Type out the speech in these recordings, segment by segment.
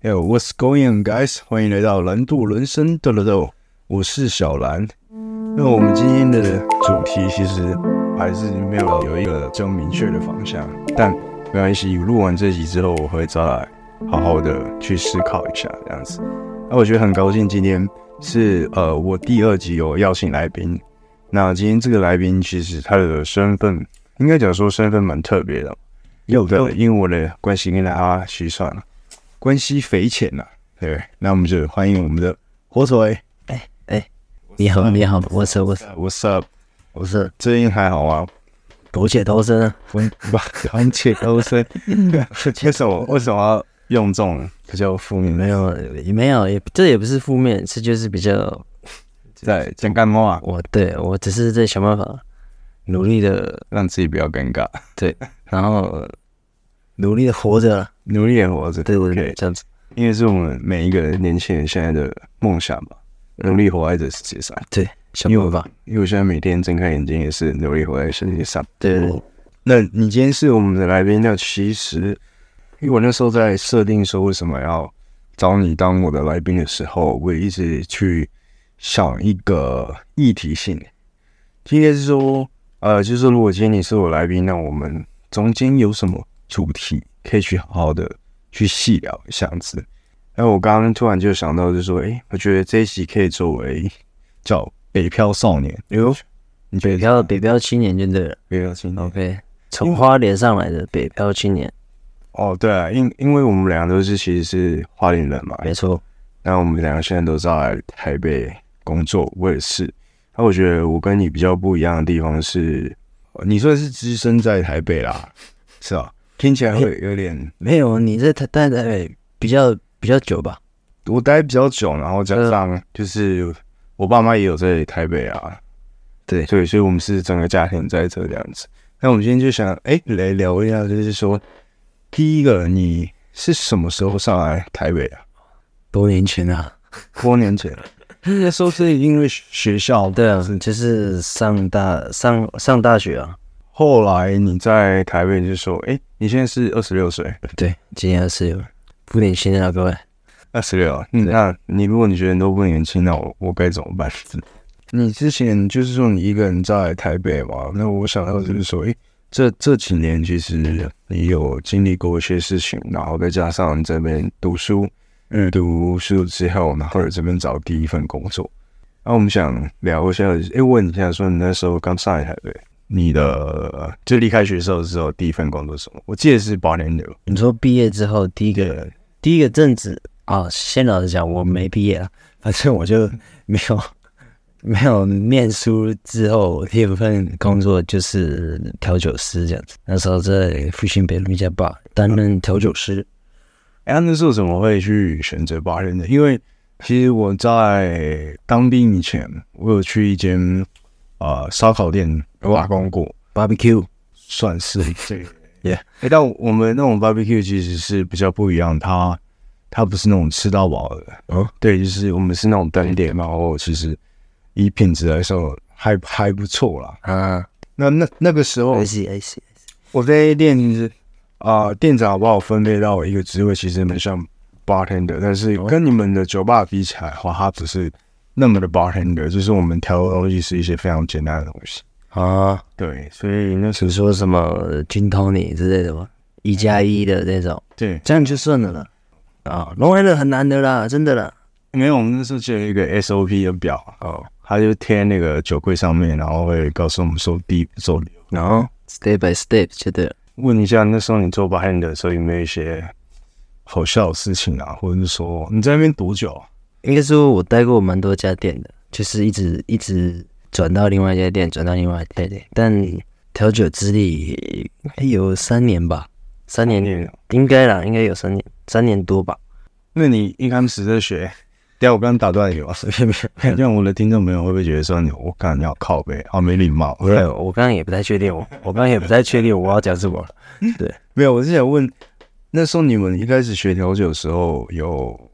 Hey, what's going on, guys？歡迎來到藍度人生鬥了鬥，我是小藍。那我們今天的主題其實還是沒有有一個這麼明確的方向，但沒關係，錄完這集之後我會再來好好的去思考一下這樣子。那我覺得很高興，今天是呃我第二集有邀請來賓。那今天這個來賓其實他的身份應該講說身份蠻特別的，有的，有的因為我的關係跟他稀算了。關係匪淺吶、啊，對不對？那我們就歡迎我們的火腿。哎哎、欸欸，你好你好，我是我是我是。最近還好啊，苟且偷生，不苟且偷生。為什麼？ 為什麼要用這種比較負面？沒有沒有也，也這也不是負面，這就是比較在講幹話。我對我只是在想辦法努力的讓自己不要尷尬，對，然後努力的活着。努力也活着，對對，可以這樣子，因為是我們每一個年輕人現在的夢想嘛，嗯、努力活在這世界上。對，因為吧，因為我現在每天睜開眼睛也是努力活在世界上。對對，對對那你今天是我們的來賓，那其實，因為我那時候在設定說為什麼要找你當我的來賓的時候，我一直去想一個議題性。今天是說，呃，就是如果今天你是我來賓，那我們中間有什麼主題？可以去好好的去細聊一下這樣子。哎，我剛剛突然就想到，就是說，誒、欸，我覺得這一期可以作為叫《北漂少年》，比如北漂北漂青年就對了。北漂青年，OK，年從花蓮上來的北漂青年。哦，對啊，因因為我們兩個都是其實是花蓮人嘛，沒錯錯。然後我們兩個現在都在台北工作，我也是。那我覺得我跟你比較不一樣的地方是，你說的是只身在台北啦，是啊。聽起來會有點、欸、沒有你在台，台北比較比較久吧？我待比較久，然後加上，呃、就是我爸媽也有在台北啊。對對，所以我們是整個家庭在這這樣子。那我們今天就想哎、欸，來聊一下，就是說，第一個你是什麼時候上來台北啊？多年前啊，多年前 那時候是因為學校，對啊，就是上大上上大學啊。後來你在台北就說：“哎、欸，你現在是二十六歲。”對，今年二十六，不年輕啊，各位對。二十六，你那你，如果你覺得你都不年輕，那我我該怎麼辦？你之前就是說你一個人在台北嘛？那我想要就是說，哎、欸，這這幾年其實你有經歷過一些事情，然後再加上這邊讀書，嗯、讀書之後，然後這邊找第一份工作。然、啊、後我們想聊一下，哎、欸，問一下，說你那時候剛上來台北，你的就離開學校的時候，第一份工作是什麼？我記得是 bartender。你說畢業之後第一個對第一個正職啊，先老實講，我沒畢業啊，反正我就沒有 沒有念書之後第一份工作就是調酒師這樣子。 那時候在復興北路一家 bar 擔任調酒師。欸，那時候怎麼會去選擇 bartender 呢？因為其實我在當兵以前，我有去一間。呃，燒烤店打工過，Barbecue 算是這個，耶對 Yeah.、欸。但我們那種 Barbecue 其實是比較不一樣，它它不是那種吃到飽的。哦，對，就是我們是那種單點，然後其實以品質來說還還不錯啦。啊，那那那個時候，哎哎、我在店是啊、呃，店長把我分配到一個職位，其實蠻像 bartender，但是跟你們的酒吧比起來的話，它不是。那麼的 bartender，就是我們調的東西是一些非常簡單的東西啊。對，所以那時候說什麼金湯尼之類的嘛，嗯、一加一的那種。對，這樣就算了啦。啊、哦，bartender 很難的啦，真的啦。因為我們那時候建了一個 SOP 的表，哦，他就貼那個酒櫃上面，然後會告訴我們說第一步做然後，然後 step by step 就對了。問一下，那時候你做 bartender 的時候有沒有一些好笑的事情啊？或者是說你在那邊多久？應該說，我待過蠻多家店的，就是一直一直轉到另外一家店，轉到另外一家店。但調酒資歷、欸、有三年吧，三年應該啦，應該有三年，三年多吧。那你一開始在學，對啊，我剛剛打斷你了，沒有。因為我的聽眾朋友會不會覺得說你 我剛要靠背，好、啊、沒禮貌？對， 我剛剛也不太確定，我我剛剛也不太確定我要講什麼、 嗯、對，沒有，我是想問，那時候你們一開始學調酒的時候有。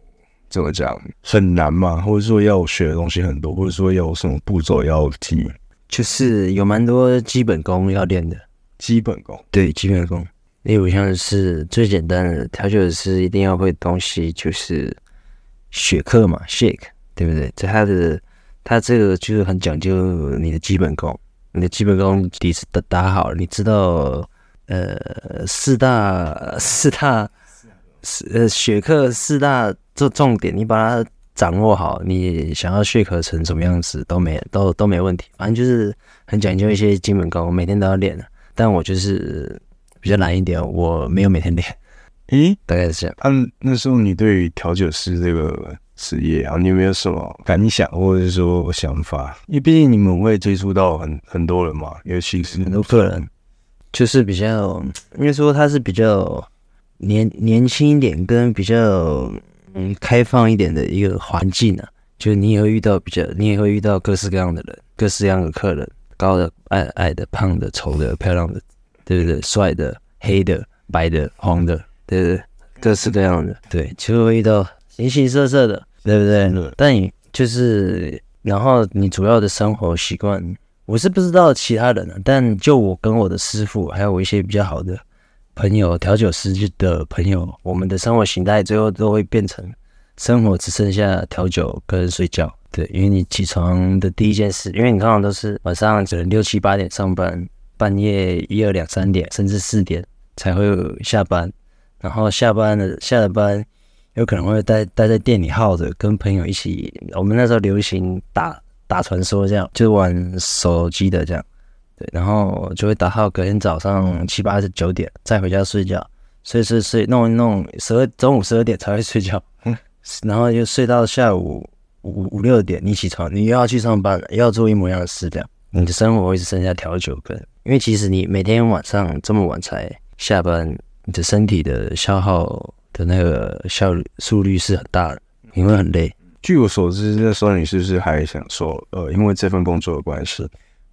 怎麼講很難嘛？或者說要學的東西很多，或者說要有什麼步驟要記，就是有蠻多基本功要練的。基本功，對，基本功，例如、嗯、像是最簡單的調酒師一定要會東西，就是雪克嘛，shake，對不對？他的他這個就是很講究你的基本功，你的基本功底是打好，你知道，呃四大四大四個呃雪克四大，這重點，你把它掌握好，你想要 shake 成什麼樣子都沒都都沒問題。反正就是很講究一些基本功，我每天都要練的。但我就是比較懶一點，我沒有每天練。咦、欸，大概是這樣。嗯、啊，那時候你對調酒師這個職業啊，然後你有沒有什麼感想，或者是說想法？因為畢竟你們會接觸到很很多人嘛，尤其是很多客人，就是比較因為說他是比較年年輕一點，跟比較。嗯，開放一點的一個環境呢、啊，就你也會遇到比較，你也會遇到各式各樣的人，各式各樣的客人，高的、矮矮的、胖的、胖的、醜的、漂亮的，對不對？帥的、黑的、白的、黃的，對不對？各式各樣的，對，就會遇到形形色色的，對不對？對，但你就是，然後你主要的生活習慣，我是不知道其他人的，啊，但就我跟我的師傅，還有我一些比較好的。朋友、調酒師的朋友，我們的生活形態最後都會變成生活只剩下調酒跟睡覺。對，因為你起床的第一件事，因為你通常都是晚上只能六七八點上班，半夜一二兩三點甚至四點才會下班。然後下班了，下了班，有可能會待待在店裡耗着，跟朋友一起。我們那時候流行打打傳說，這樣就玩手機的這樣。對，然後就會打到，隔天早上七八、九點再回家睡覺，嗯、睡睡睡弄一弄十二中午十二點才會睡覺，嗯，然後就睡到下午五五六點，你起床，你又要去上班了，又要做一模一樣的事這樣，量、嗯、你的生活會只剩下調酒跟，因為其實你每天晚上這麼晚才下班，你的身體的消耗的那個效率速率是很大的，你會很累。據我所知，那時候你是不是還想說，呃，因為這份工作的關係？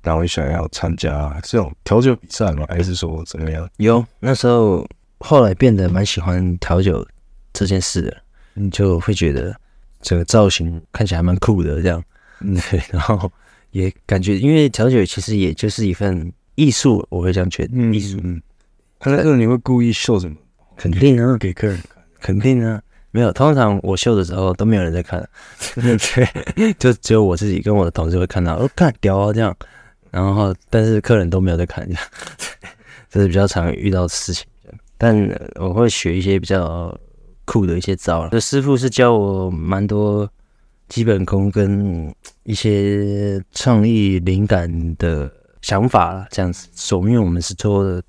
然後我想要參加這種調酒比賽嗎？還是說怎麼樣？有那時候後來變得蠻喜歡調酒這件事的，你就會覺得整個造型看起來還蠻酷的這樣，嗯對。然後也感覺，因為調酒其實也就是一份藝術，我會這樣覺得。嗯，藝術術。嗯，可能你會故意秀什麼？肯定啊，給客人看。肯定啊，沒有。通常我秀的時候都沒有人在看，對，對， 就只有我自己跟我的同事會看到。哦，看屌啊，這樣。然後，但是客人都沒有在看一下，這樣，這是比較常遇到的事情。但我會學一些比較酷的一些招了。這師傅是教我蠻多基本功跟一些創意靈感的想法了。這樣子，首先我們是做的，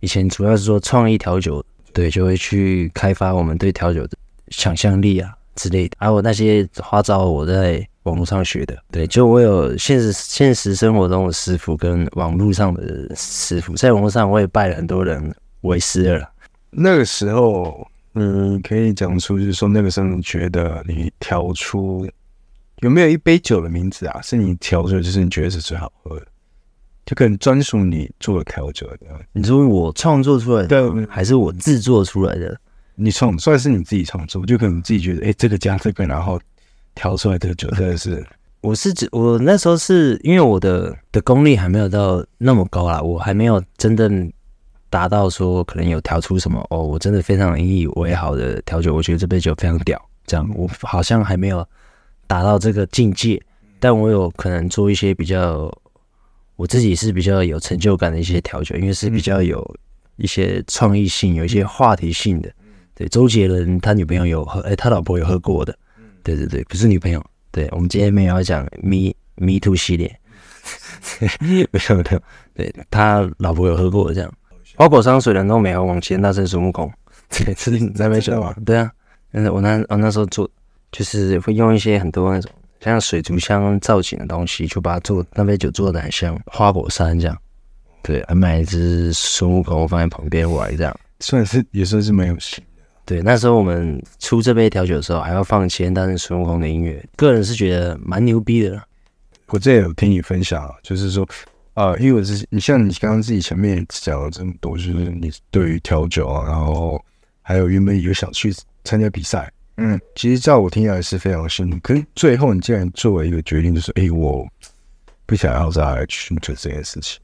以前主要是做創意調酒，對，就會去開發我們對調酒的想象力啊之類的。而、啊、我那些花招，我在。網絡上學的，對，就我有現實現實生活中的師傅跟網絡上的師傅，在網絡上我也拜了很多人為師了。那個時候，嗯，可以講出就是說，那個時候你覺得你調出有沒有一杯酒的名字啊？是你調出，就是你覺得是最好喝的，就可能專屬你做的調酒的。你作的對是問我創作出來的，還是我制作出來的？你創算是你自己創作，就可能自己覺得，哎、欸，這個加這個，然後。調出來的酒真的是， 我是指我那時候是因為我的的功力還沒有到那麼高啦，我還沒有真正達到說可能有調出什麼哦，我真的非常引以為豪的調酒，我覺得這杯酒非常屌。這樣我好像還沒有達到這個境界，但我有可能做一些比較我自己是比較有成就感的一些調酒，因為是比較有一些創意性、嗯、有一些話題性的。對，周杰倫他女朋友有喝，哎、欸，他老婆有喝過的。對對對，不是女朋友。對，我們今天沒有要講 me me too 系列，沒有沒有。 對，他老婆有喝過這樣。花果山水簾洞沒有，往前那是孫悟空。對，那杯酒啊。真的對啊，但是我那我那時候做，就是會用一些很多那種像水族箱造景的東西，就把它做那杯酒做的很像花果山這樣。對，還買一隻孫悟空放在旁邊玩，這樣算是也算是蠻有趣。對，那時候我們出這杯調酒的時候，還要放《齊天大聖孫悟空》的音樂，個人是覺得蠻牛逼的啦。我這也有聽你分享，就是說，啊、呃，因為我自己，你像你剛剛自己前面講了這麼多，就是你對於調酒啊，然後還有原本有想去參加比賽，嗯，其實在我聽下來是非常辛苦。可是最後你竟然做了一個決定，就是誒、哎，我不想要再去做這件事情，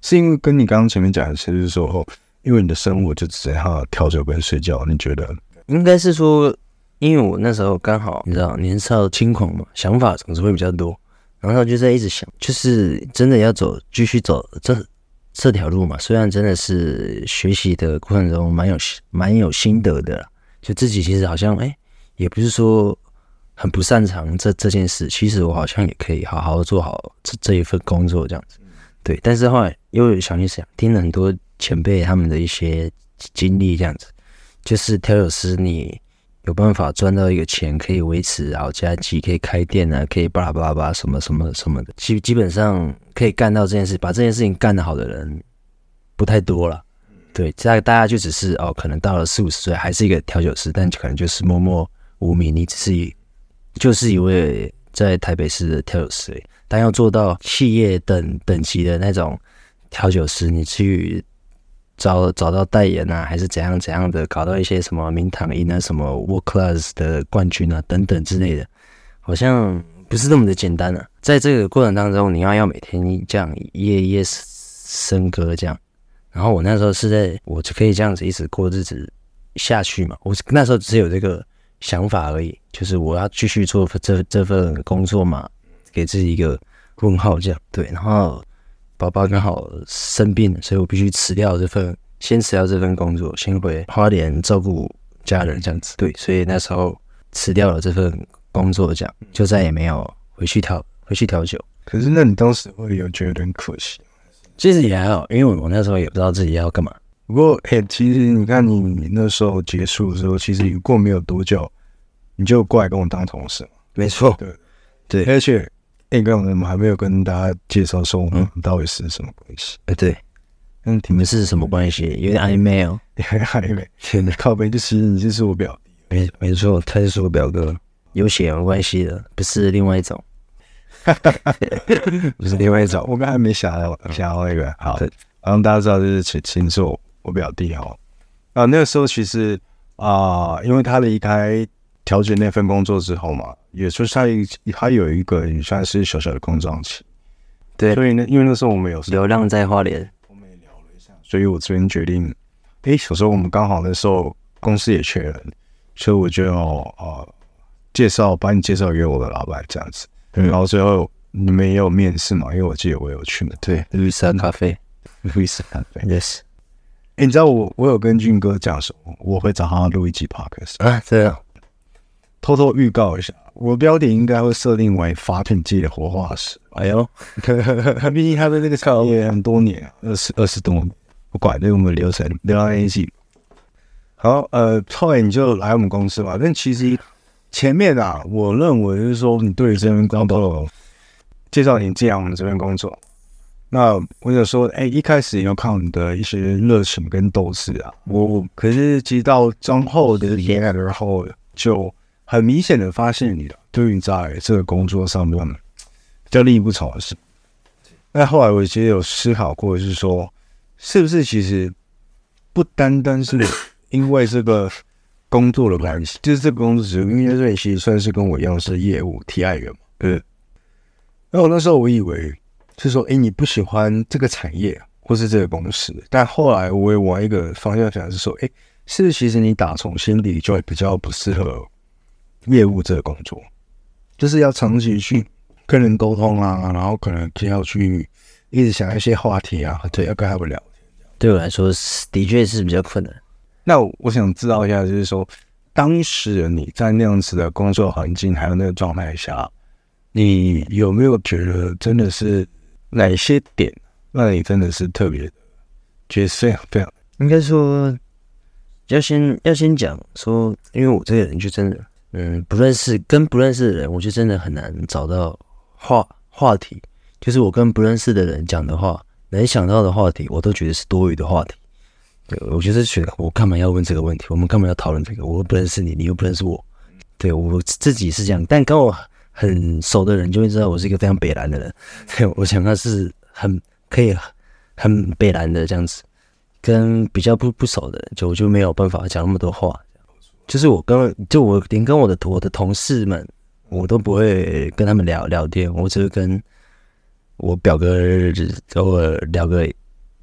是因為跟你剛剛前面講的，其實是說。哦因為你的生活就只在哈跳着跟睡覺，你覺得？應該是說，因為我那時候剛好你知道年少輕狂嘛，想法總是會比較多，然後就在一直想，就是真的要走，繼續走這這條路嘛。雖然真的是學習的過程中蠻有蠻有心得的啦，就自己其實好像哎、欸，也不是說很不擅長這這件事，其實我好像也可以好好做好這這一份工作這樣子。對，但是後來又想一想，聽了很多前輩他們的一些經歷，這樣子，就是調酒師，你有辦法賺到一個錢可以維持，然後家急，可以開店啊，可以巴拉巴拉巴拉什麼什麼什麼的，基基本上可以幹到這件事，把這件事情幹得好的人不太多了。對，大家大家就只是哦，可能到了四五十歲還是一個調酒師，但可能就是默默無名，你只是一，就是一位在台北市的調酒師欸。但要做到企業等等級的那種調酒師，你去找找到代言啊，還是怎樣怎樣的，搞到一些什麼名堂贏啊、什麼 World Class 的冠軍啊等等之類的，好像不是那麼的簡單啊。在這個過程當中，你要要每天這樣夜夜笙歌這樣。然後我那時候是在，我就可以這樣子一直過日子下去嘛？我那時候只是有這個想法而已，就是我要繼續做這這份工作嘛。給自己一個問號，這樣對。然後寶寶剛好生病了，所以我必須辭掉這份，先辭掉這份工作，先回花蓮照顧家人，這樣子。對，所以那時候辭掉了這份工作，這樣就再也沒有回去調回去調酒。可是，那你當時會有覺得很可惜嗎？其實也還好，因為我那時候也不知道自己要幹嘛。不過，哎，其實你看你，嗯，你那時候結束的時候，其實你過沒有多久，你就過來跟我當同事。沒錯，對對，對而且。剛剛、欸、我們還沒有跟大家介紹說我們到底是什麼關係？哎、嗯呃，對，嗯，你們是什麼關係？有點曖昧、嗯、I 'm 哦，有點曖昧。的靠北，就是你就是我表弟，沒沒錯，他就是我表哥，有血緣關係的，不是另外一種， 不是另外一種。 我剛才沒想到想到那個，好，讓對大家知道就是請清楚我，我表弟哈。啊，那個時候其實啊、呃，因為他離開。調解那份工作之後嘛，也就是他一他有一個也算是小小的空窗期，對。所以那因為那時候我們有流量在花蓮，我們也聊了一下，所以我這邊決定，誒、欸，我說我們剛好那時候公司也缺人，所以我就要、哦、呃介紹把你介紹給我的老板這樣子，嗯、然後最後你們也有面試嘛，因為我記得我有去，嘛。對，Luisa 咖啡，Luisa 咖啡，yes。誒、欸，你知道我我有跟俊哥講說，我會找他錄一集 podcast 誒，啊，這樣、啊。偷偷預告一下，我的標點應該會設定為法品界的活化石。哎呦， 畢竟他的那個產業很多年，二十二十多，不管對我們流程，流在一起。好，呃後 o 你就來我們公司吧。但其實前面啊，我認為就是說你對這邊工作，嗯、都介紹你這樣我們這邊工作。那我想說，哎、欸，一開始要靠你的一些熱情跟鬥志啊。我可是接到中後的年代，然後就。很明顯的發現，你了，對於在這個工作上面比較力不從心的事。那後來我其實有思考過，是說是不是其實不單單是因為這個工作的關係，就是這個公司，因為瑞熙算是跟我一樣是業務 T I 人嘛，對。然後那時候我以為是說，誒，你不喜歡這個產業或是這個公司，但後來我也往一個方向想，是說，誒，是其實你打從心裡就還比較不適合。業務這個工作，就是要長期去跟人溝通啊，然後可能就要去一直想一些話題啊，對，要跟他們聊天。對我來說，的確是比較困難。那我，我想知道一下，就是說，當時你在那樣子的工作環境，還有那個狀態下，你有沒有覺得真的是哪些點讓你真的是特別的覺得這樣這樣？應該說，要先要先講說，因為我這個人就真的。嗯，不認識跟不認識的人，我就真的很難找到話話題。就是我跟不認識的人講的話，能想到的話題，我都覺得是多餘的話題。對，我就是覺得我幹嘛要問這個問題？我們幹嘛要討論這個？我又不認識你，你又不認識我。對，我自己是這樣，但跟我很熟的人就會知道我是一個非常北爛的人。對，我想他是很，可以很，很北爛的這樣子。跟比較不不熟的人，就我就沒有辦法講那麼多話。就是我跟就我連跟我的我的同事們，我都不會跟他們聊聊天，我只會跟我表哥只偶爾聊個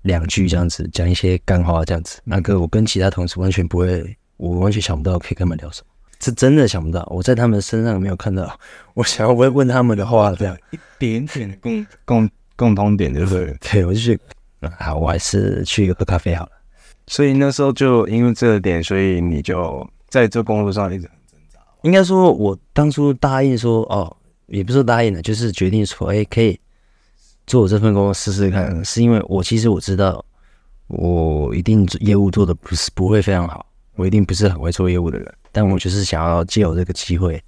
兩句這樣子，講一些幹話這樣子。那個我跟其他同事完全不會，我完全想不到可以跟他們聊什麼，是真的想不到。我在他們身上沒有看到我想要問問他們的話，這樣一點點共共共通點就是， 對我就覺得，好，我還是去一個喝咖啡好了。所以那時候就因為這個點，所以你就。在這工作上一直很掙扎。應該說，我當初答應說，哦，也不是答應了，就是決定說，哎、欸，可以做我這份工作試試看，是因為我其實我知道，我一定業務做得不是不會非常好，我一定不是很會做業務的人。但我就是想要借我這個機會，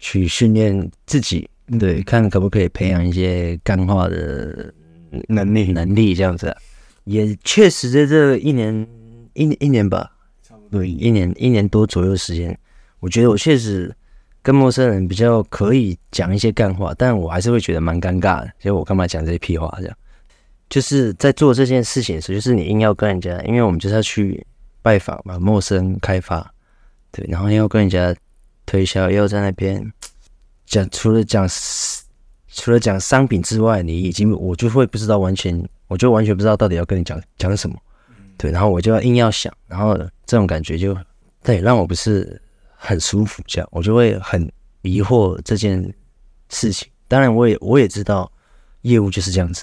去訓練自己，對，看可不可以培養一些幹話的能力能力，這樣子。能力。也確實在這一年一一年吧。對，一年一年多左右的時間，我覺得我確實跟陌生人比較可以講一些幹話，但我還是會覺得蠻尷尬的。所以我幹嘛講這些屁話？這樣就是在做這件事情的時候，就是你硬要跟人家，因為我們就是要去拜訪嘛，陌生開發，對，然後要跟人家推銷，要在那邊講，除了講除了講商品之外，你已經我就會不知道完全，我就完全不知道到底要跟你講講什麼。對，然後我就要硬要想，然後這種感覺就對，讓我不是很舒服，這樣我就會很疑惑這件事情。當然，我也我也知道業務就是這樣子，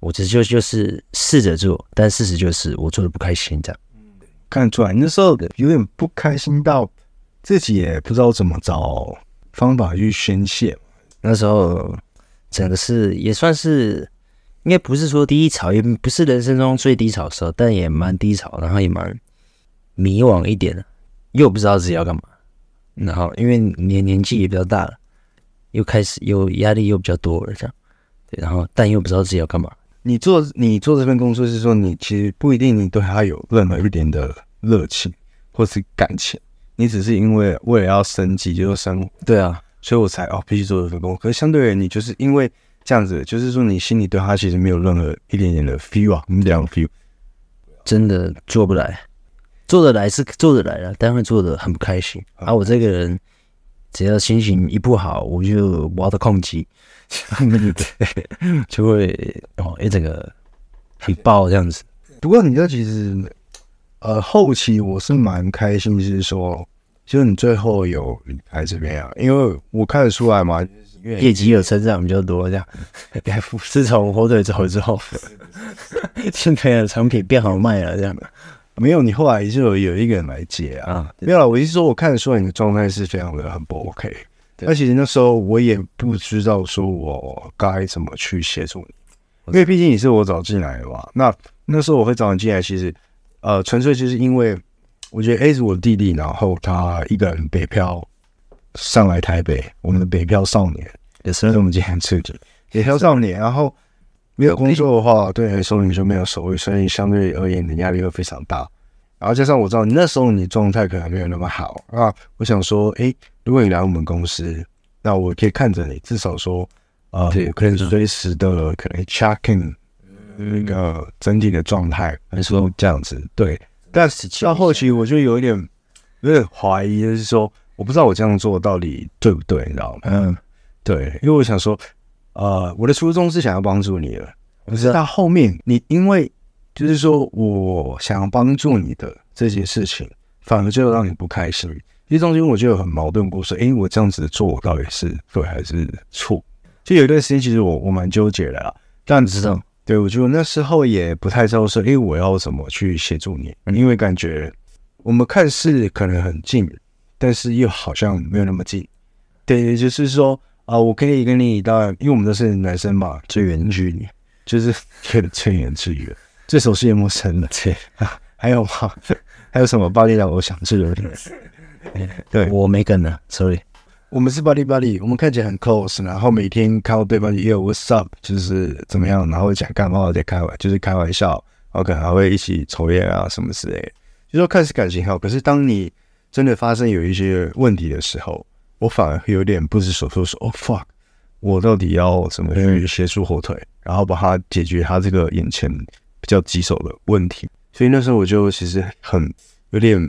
我其實就就是試着做，但事實就是我做得不開心，這樣看出來那時候有點不開心到自己也不知道怎麼找方法去宣洩，那時候整個事也算是，應該不是說低潮，也不是人生中最低潮的時候，但也蠻低潮，然後也蠻迷惘一點的，又不知道自己要幹嘛。然後因為年年紀也比較大了，又開始又壓力又比較多了這樣，然後但又不知道自己要幹嘛。你做你做這份工作是說你其實不一定你對他有任何一點的熱情或是感情，你只是因為為了要升級就生，就是升，對啊，所以我才哦必須做這份工作。可是相對於你就是因為。這樣子，就是說你心裡對他其實沒有任何一點點的 feel 啊，你兩個 feel，真的做不來，做得來是做得來了，但會做的很不開心。而、啊啊、我這個人，只要心情一不好，嗯、我就 what 控制， 對 就會哦一整個很爆這樣子。嗯、不過你這其實，呃，後期我是蠻開心，就是說，就是你最後有離是這有？因為我看得出來嘛，嗯業績有成長比較多，這樣。嗯、自從火腿走之後，新推、嗯、 的產品變好賣了，這樣。的。沒有，你後來就有有一個人來接啊？啊沒有啊，我是說我看的時候，你的狀態是非常的很不 OK。那對其實那時候我也不知道說我該怎麼去協助你，對因為畢竟你是我找進來的嘛。那那時候我會找你進來，其實呃，純粹就是因為我覺得 A 是我弟弟，然後他一個人北漂。上來台北，我們的北漂少年也、嗯、是我們今天吃的北漂少年，然後沒有工作的話，欸、對收入就沒有收入，所以相對而言，你的壓力會非常大。然後加上我知道你那時候你狀態可能沒有那麼好啊，那我想說，哎、欸，如果你來我們公司，那我可以看着你，至少說，呃，對，我可以隨時的可能 check in 那個整體的狀態，還是、嗯、這樣子。對，嗯、但是到後期我就有一點有點懷疑，就是說。我不知道我這樣做到底對不對，你知道嗎？嗯，對，因為我想說，呃，我的初衷是想要幫助你的。可是到後面，你因為就是說我想要幫助你的這些事情，反而就讓你不開心。其實中間我就有很矛盾過，說，誒，我這樣子做到底是對還是錯？就有一段時間，其實我我蠻糾結的，但你知道，對，我覺得那時候也不太知道說，誒，我要怎麼去協助你？嗯，因為感覺我們看似可能很近。但是又好像沒有那麼近，對，就是說啊，我可以跟你到，因為我們都是男生嘛，最遠距離就是最遠最遠， 最熟悉也陌生的。對、啊，還有嗎？ 還有什麼 buddy 的？我想是有點。 對，我沒跟呢，sorry。我們是 buddy buddy，我們看起來很 close，然後每天看到對方也有 WhatsApp，就是怎麼樣，然後講幹嘛，在開玩，就是開玩笑，然後可能還會一起抽煙啊什麼之類的。就說看似感情好，可是當你。真的發生有一些問題的時候，我反而有點不知所措，說哦 fuck，我到底要怎麼去協助火腿，嗯、然後把它解決它這個眼前比較棘手的問題。所以那時候我就其實很有點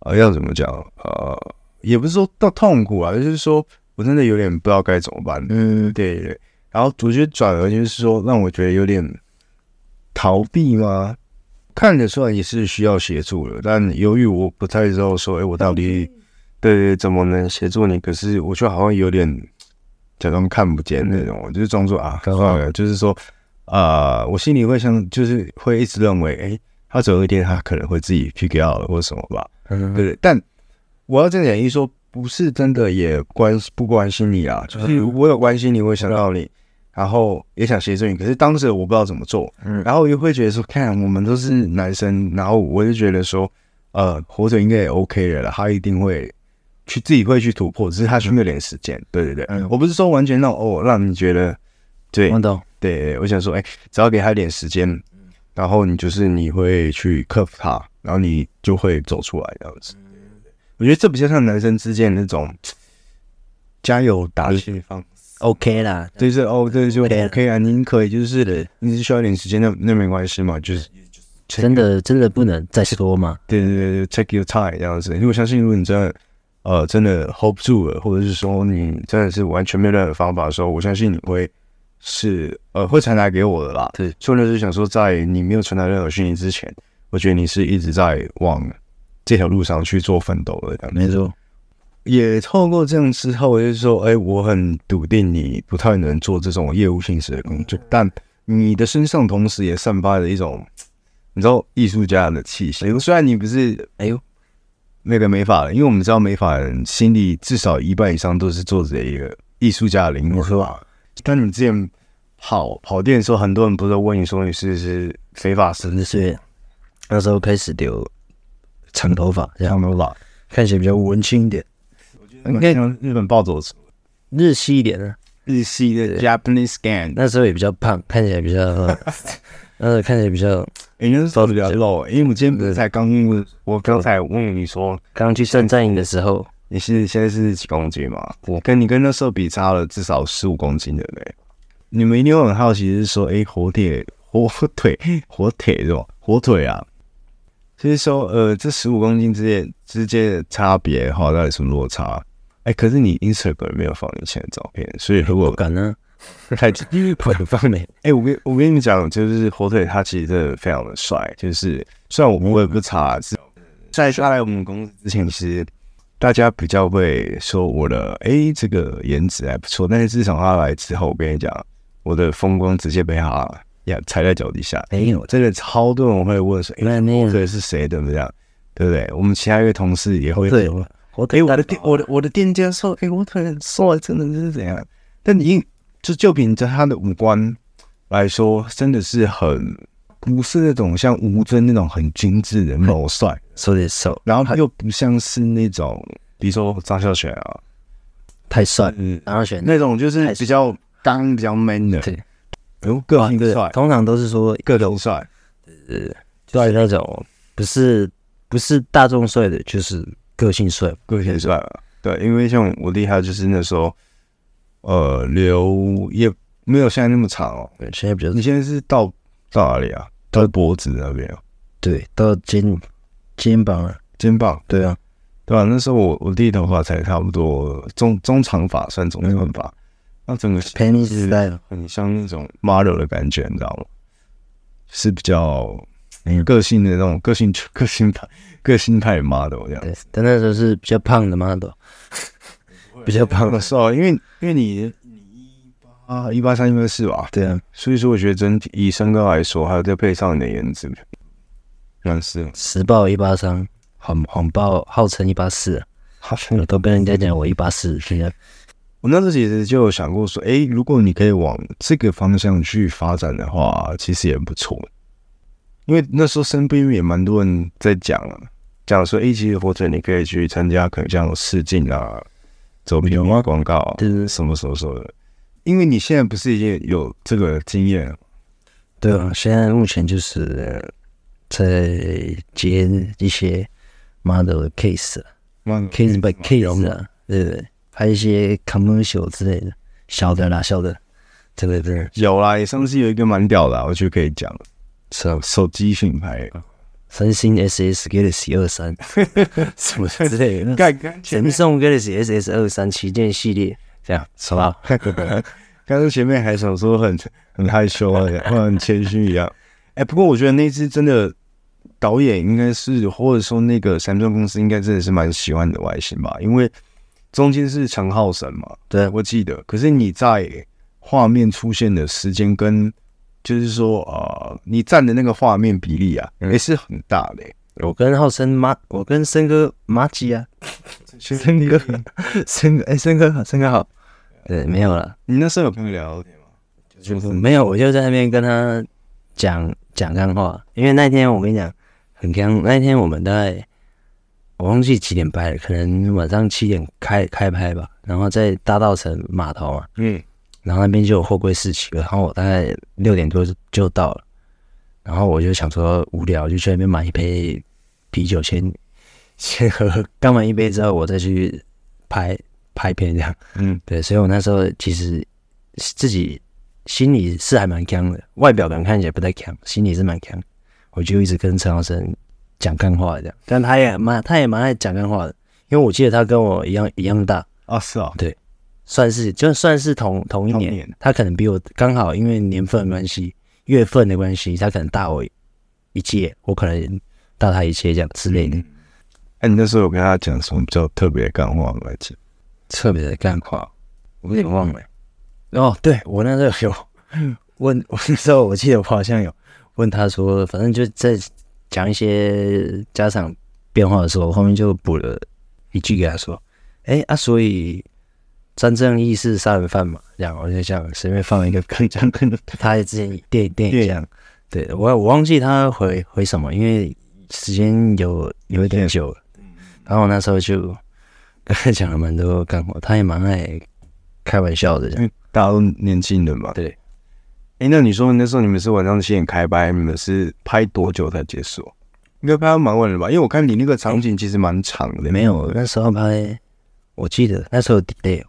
啊、呃，要怎麼講啊、呃，也不是說到痛苦啊，就是說我真的有點不知道該怎麼辦。嗯，對，對對。然後主角轉而就是說，讓我覺得有點逃避嗎？看得出來也是需要協助的，但由於我不太知道說，誒、嗯，欸，我到底對，對怎麼能協助你？可是我就好像有點假裝看不見那種，我、嗯、就是裝作啊，了了就是說啊、呃，我心裡會想，就是會一直認為，誒、欸。他總有一天他可能會自己 pick up 了，或什麼吧，對不、嗯、對？但我要真的演繹說，不是真的也關不關心你啊，就是我有關心你會想到你。嗯嗯然後也想寫作你，可是當時我不知道怎麼做。嗯，然後我又會覺得說，嗯、看我們都是男生，然後我就覺得說，呃，火腿應該也 OK 的了啦，他一定會去自己會去突破，只是他需要點時間。對對對，哎、呦我不是說完全讓哦，讓你覺得對，懂到。對，我想說，哎，只要給他一點時間，然後你就是你會去克服他，然後你就會走出來這樣子。我覺得這比較像男生之間的那種加油打氣方。OK 啦，對，是哦，對，是 OK，OK、OK、啊，您可以，就是你只 Okay. 需要一點時間，那那沒關係嘛，就是、yeah, 真的 it. 真的不能再說嘛。對對對，Take your time 這樣子。因為我相信，如果你真的呃真的 hold 不住了，或者是說你真的是完全沒有任何方法的時候，我相信你會是呃會傳達給我的啦。對是，所以就想說，在你沒有傳達任何訊息之前，我覺得你是一直在往這條路上去做奮鬥的，沒錯。也透過這樣之後，我就說，哎、欸，我很篤定你不太能做這種業務性質的工作，嗯、但你的身上同時也散發着一種你知道藝術家的氣息、哎。雖然你不是，哎呦，那個美髮人，因為我們知道美髮人心裡至少一半以上都是做着一個藝術家的靈魂，是吧？但你之前跑跑店的時候，很多人不是問你說你是是非法人士，那時候開始留長頭髮，沒有啦，看起來比較文青一點。你看那種日本暴走日系一點的，日系的 Japanese skin 那時候也比較胖，看起來比較，比較 嗯，看起來比較，應該是比較肉。對 因為我今天不是才剛，對 我我剛才問你說，剛去算戰營的時候，你,你是現在是幾公斤嘛？我跟你跟那時候比差了至少十五公斤，對不對？你們一定很好奇是說，哎、欸，火腿，火腿，火腿是吧？火腿啊。其實說，呃，這十五公斤之間之間的差別哈，到底什麼落差？哎、欸，可是你 Instagram 沒有放以前的照片，所以如果不敢哎、 欸，我跟我跟你講，就是火腿他其實真的非常的帥。就是雖然我我也不差，是在他來我們公司之前，其實大家比較會說我的哎、欸，這個顏值還不錯。但是自從他來之後，我跟你講，我的風光直接被他 yeah, 踩在腳底下。沒有、欸，真的這個超多人會問說，欸、火腿是誰，對不對？對不對？我們其他一個同事也會我的店、欸，我的我的店家說：“哎、欸，我突然帥，真的是怎樣？但你就就憑着他的五官來說，真的是很不是那種像吳尊那種很精致的某帥，說的、嗯、然後他又不像是那種，嗯、比如說張孝全啊，太帥，張那種就是比較剛、比較 man 的。比如個性帥、呃、個頭帥、啊，通常都是說個頭帥，對對、呃，就是就是、那種不是不是大眾帥的，就是。”個性帥，個性帥吧？跟著。對，因為像我弟他就是那時候，呃，留也沒有現在那麼長哦、喔。對，現在比較。你現在是到到哪裡啊？到脖子那邊哦、喔，對，到肩肩膀、啊、肩膀，啊，肩膀。對啊，對啊。那時候我我弟頭髮才差不多中中長髮算中長髮，那整個 penis style 很像那種 model 的感覺，你知道嗎？是比較。嗯、個性的那種個性、個性派、個性派 model 這樣。但那時候是比較胖的 model、啊、比較胖的瘦，因為因為你你一八一八三一八四吧？對啊。所以說，我覺得整體以身高來說，還有再配上你的顏值，嗯，是實報一八三，謊謊報號稱一八四，好像我都跟人家講我一八四。現在我那時候其實就有想過說，誒、欸，如果你可以往這個方向去發展的話，其實也不錯。因為那時候身邊也蠻多人在講啊，講說一級或者你可以去參加，可能像試鏡啊、走平啊，廣告？就是 Okay, 什麼時候說的？因為你現在不是已經有這個經驗？了。對啊，現在目前就是在、呃、接一些 model case，case、啊、by case 啊，啊有對不對,對？一些 commercial 之類的，曉得啦，曉得、啊，這個是。對對對有啦，上次有一個蠻屌的、啊，我就可以講。手手機品牌，三星 3, S S Galaxy 二三什麼之類的，神送 Galaxy S S 二三旗艦系列， 這樣是吧？剛 剛 前面還想說很很害羞啊，或 很謙虛一樣。哎、 欸，不過我覺得那支真的導演應該是，或者說那個三星公司應該真的是蠻喜歡的外形吧，因為中間是陳浩神嘛。對、啊，我記得。可是你在畫面出現的時間跟。就是說，呃，你佔的那個畫面比例啊，也、欸、是很大的、欸我生。我跟浩森媽，我跟森哥馬吉啊，森哥，森哥，哎，森、欸、哥好，森哥好。對，沒有了。你那時候有跟他聊嗎？就是沒有，我就在那邊跟他講講幹話。因為那天我跟你講，很乾。那天我們在，我忘記幾點拍了，可能晚上七點開開拍吧。然後在大稻埕碼頭嘛、啊。嗯。然後那邊就有貨櫃四起，然後我大概六點多就到了，然後我就想說無聊，就去那邊買一杯啤酒先先喝，乾完一杯之後我再去拍拍片這樣。嗯，對，所以我那時候其實自己心裡是還蠻強的，外表感看起來不太強，心裡是蠻強。我就一直跟陳老師講乾話這樣，但他也蠻他也蠻愛講乾話的，因為我記得他跟我一樣一樣大啊，哦，是哦，對。算是就算是同同一年，年他可能比我剛好因為年份的關係、月份的關係，他可能大我一屆，我可能大他一屆這樣之類的。哎、嗯啊，你那時候有跟他講什麼比較特別的幹話嗎？來講特別的幹話，嗯、我有點忘了。嗯、哦，對我那時候有問，我那時候我記得我好像有問他說，反正就在講一些家常變化的時候，我後面就補了一句給他說：“哎、嗯欸、啊，所以。”真正義是殺人犯嘛？這樣我就想隨便放一個梗講，他之前電電影這樣，對我我忘記他回回什麼，因為時間有有一點久了。對然後我那時候就剛才講了蠻多乾貨，他也蠻愛開玩笑的，因為大家都年輕人嘛。對。哎，那你說那時候你們是晚上七點開拍，你們是拍多久才結束？應該拍到蠻晚的吧？因為我看你那個場景其實蠻長的。誒對對沒有，那時候拍，我記得那時候對。對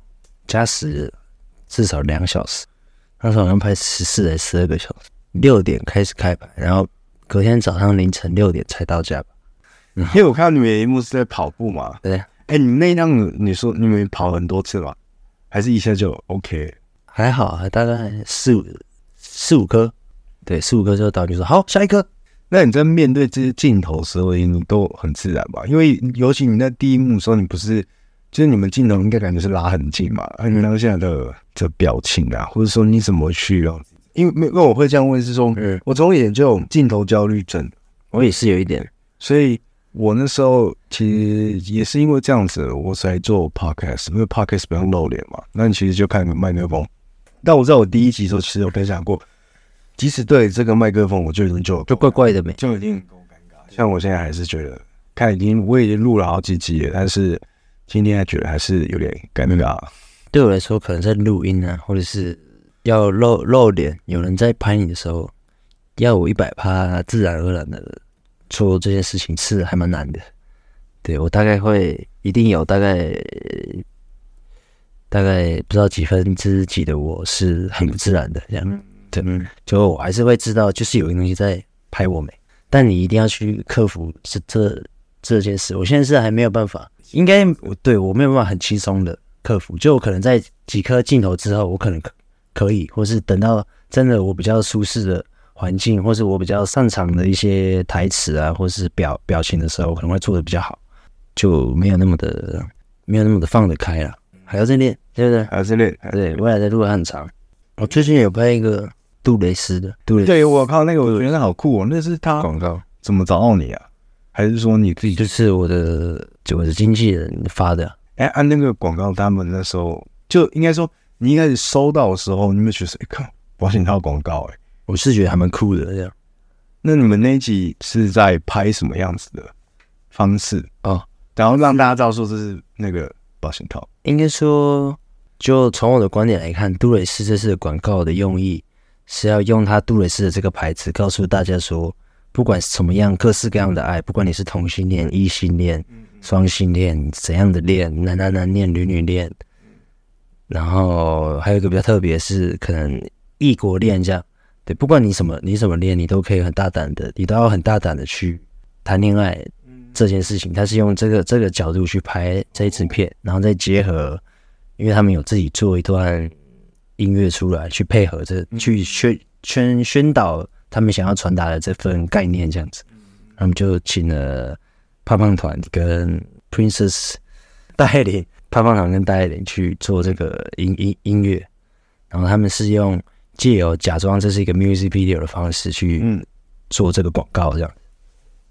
加時至少兩個小時，那時候好像拍十四還是十二個小時，六點開始開拍，然後隔天早上凌晨六點才到家吧。因為我看到你們一幕是在跑步嘛，對，哎，你那一趟你說你們跑很多次嗎？還是一下就 OK？還好，還大概四五四五顆，對，四五顆之後到你說好，下一顆。那你在面對這些鏡頭的時候，你都很自然吧？因為尤其你那第一幕時候，你不是。就是你們鏡頭應該感覺是拉很近嘛，你們現在的的表情啊，或者說你怎麼去哦？因為沒問我會這樣問，是說，嗯、我總有點這種鏡頭焦慮症，我也是有一點。所以，我那時候其實也是因為這樣子，我才做 podcast，因為 podcast 不用露臉嘛。嗯、那你其實就看麥克風。但我知道我第一集的時候，其實有分享過，即使對這個麥克風，我就就就怪怪的唄，沒就已經像我現在還是覺得，看已經我已經錄了好幾集了，但是。今天還覺得還是有點改變啊。對我來說，可能在錄音啊，或者是要露露臉，有人在拍你的時候，要我一百趴自然而然的做這件事情，是還蠻難的。對，我大概會一定有大概大概不知道幾分之幾的我是很不自然的這樣。嗯、對，嗯、就我還是會知道，就是有一個東西在拍我沒。但你一定要去克服這這這件事。我現在是還沒有辦法。應該我，對我沒有辦法很輕鬆的克服，就我可能在幾顆鏡頭之後，我可能可可以，或是等到真的我比較舒適的環境，或是我比較擅長的一些台詞啊，或是表表情的時候，我可能會做的比較好，就沒有那麼的沒有那麼的放得開了， 還要再練，對不對？還是練， 對，未來的路還很長。我最近有拍一個杜蕾斯的，杜蕾斯對，我靠，那個我原來好酷，哦，那是他廣告，怎麼找到你啊？還是說你自己？就是我的，就我的經紀人發的。哎、欸，按、啊、那個廣告單本的時候，就應該說，你應該一開始收到的時候，你沒有覺得一、欸、看？保險套廣告、欸？誒，我是覺得還蠻酷的這樣。那你們那一集是在拍什麼樣子的方式哦？然後讓大家知道說這是那個保險套。應該說，就從我的觀點來看，杜蕾斯這次的廣告的用意是要用他杜蕾斯的這個牌子，告訴大家說。不管是什麼樣，各式各樣的愛，不管你是同性戀、異性戀、雙性戀，怎樣的戀，男男男戀、女女戀，然後還有一個比較特別，是可能異國戀這樣。對，不管你什麼，你什麼戀，你都可以很大膽的，你都要很大膽的去談戀愛這件事情。他是用這個這個角度去拍這一次片，然後再結合，因為他們有自己做一段音樂出來去配合這個，去宣宣宣導。他們想要傳達的這份概念，這樣子，他們就請了胖胖團跟 Princess 帶領胖胖團跟帶領去做這個音音音樂，然後他們是用借由假裝這是一個 music video 的方式去做這個廣告，這樣。誒、嗯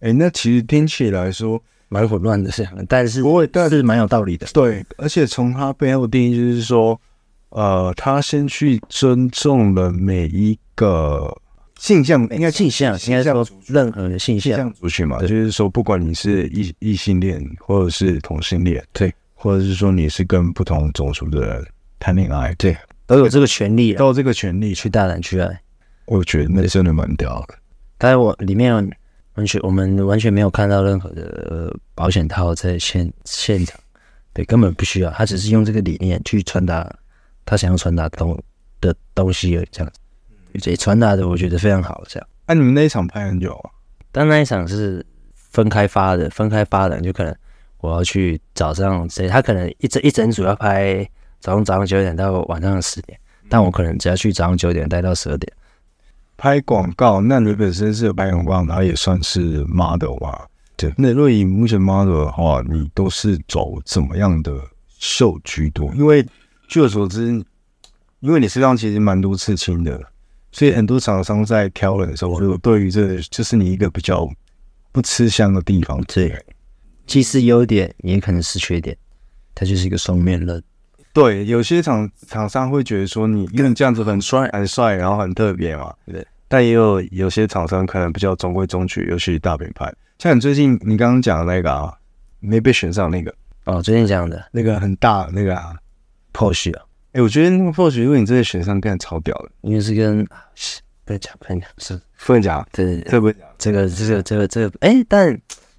欸，那其實聽起來說蠻混亂的，的是但是不也，但是蠻有道理的。對，而且從他背後的定義就是說，呃，他先去尊重了每一個。性向應該性向，應該說任何的性向族群嘛，就是說，不管你是異異性戀或者是同性戀，對，或者是說你是跟不同種族的人談戀愛，對，都有這個權利，都有這個權利去大膽去愛。我覺得那真的蠻屌的。當然，我裡面完全我們完全沒有看到任何的呃保險套在現現場，對，根本不需要，他只是用這個理念去傳達他想要傳達東的東西而已，這樣。也傳達的我覺得非常好，這樣、啊。那你們那一場拍很久啊？但那一場是分開發的，分開發的，就可能我要去早上，所以他可能一整一整組要拍早上早上九點到晚上的十點，但我可能只要去早上九點待到十二點。拍廣告，那你本身是有拍廣告，然後也算是 model 吧？對。那若以目前 model 的話，你都是走怎麼樣的秀居多？因為據我所知，因為你身上其實蠻多刺青的。所以很多廠商在挑人的時候，如果對於這，就是你一個比較不吃香的地方。對，其實優點也可能是缺點，它就是一個雙面刃。對，有些廠廠商會覺得說你這樣子很帥，很帥，然後很特別嘛。對，但也有有些廠商可能比較中規中矩，尤其大品牌。像你最近你剛剛講的那個啊，沒被選上那個哦，最近講的那個很大那個 push 啊。 哎，我覺得那個或許因為你這個選項可能超屌了。因為是跟不能講，不能講是不能講，對這個這個這個這個，哎，但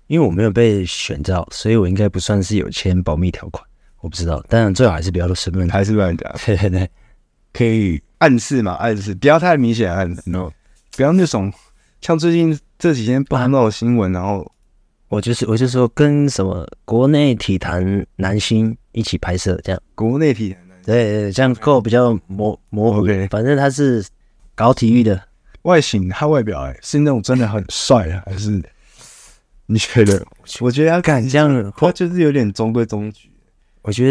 因為我沒有被選到，所以我應該不算是有簽保密條款，我不知道。但最好還是不要的身份，還是不要講，嘿嘿嘿，可以暗示嘛，暗示，不要太明顯，暗示，no，不要那種像最近這幾天不爆那的新聞，然後我就是我就說跟什麼國內體壇男星一起拍攝，這樣國內體。對，這樣 g 比較模模糊的。Okay. 反正他是搞體育的。外形他外表哎，是那種真的很帥啊，還是你覺得？ 我覺得他敢這樣，他就是有點中規中矩。我覺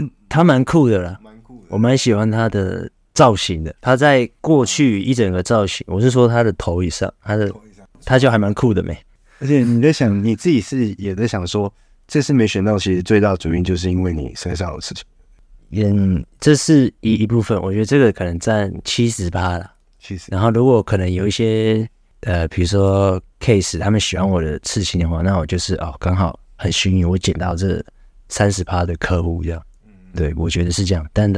得他蠻酷的啦。的，我蠻喜歡他的造型的。他在過去一整個造型，我是說他的頭以上，他的，他就還蠻酷的。而且你在想 你自己是也在想說，這次沒選到，其實最大的主因就是因為你身上的事情。嗯，這是一一部分，我覺得這個可能占七十趴啦。七十，然後如果可能有一些呃，比如說 case，他們喜歡我的刺青的話，那我就是哦，剛好很幸運，我撿到這三十趴的客戶這樣。嗯。對，我覺得是這樣。但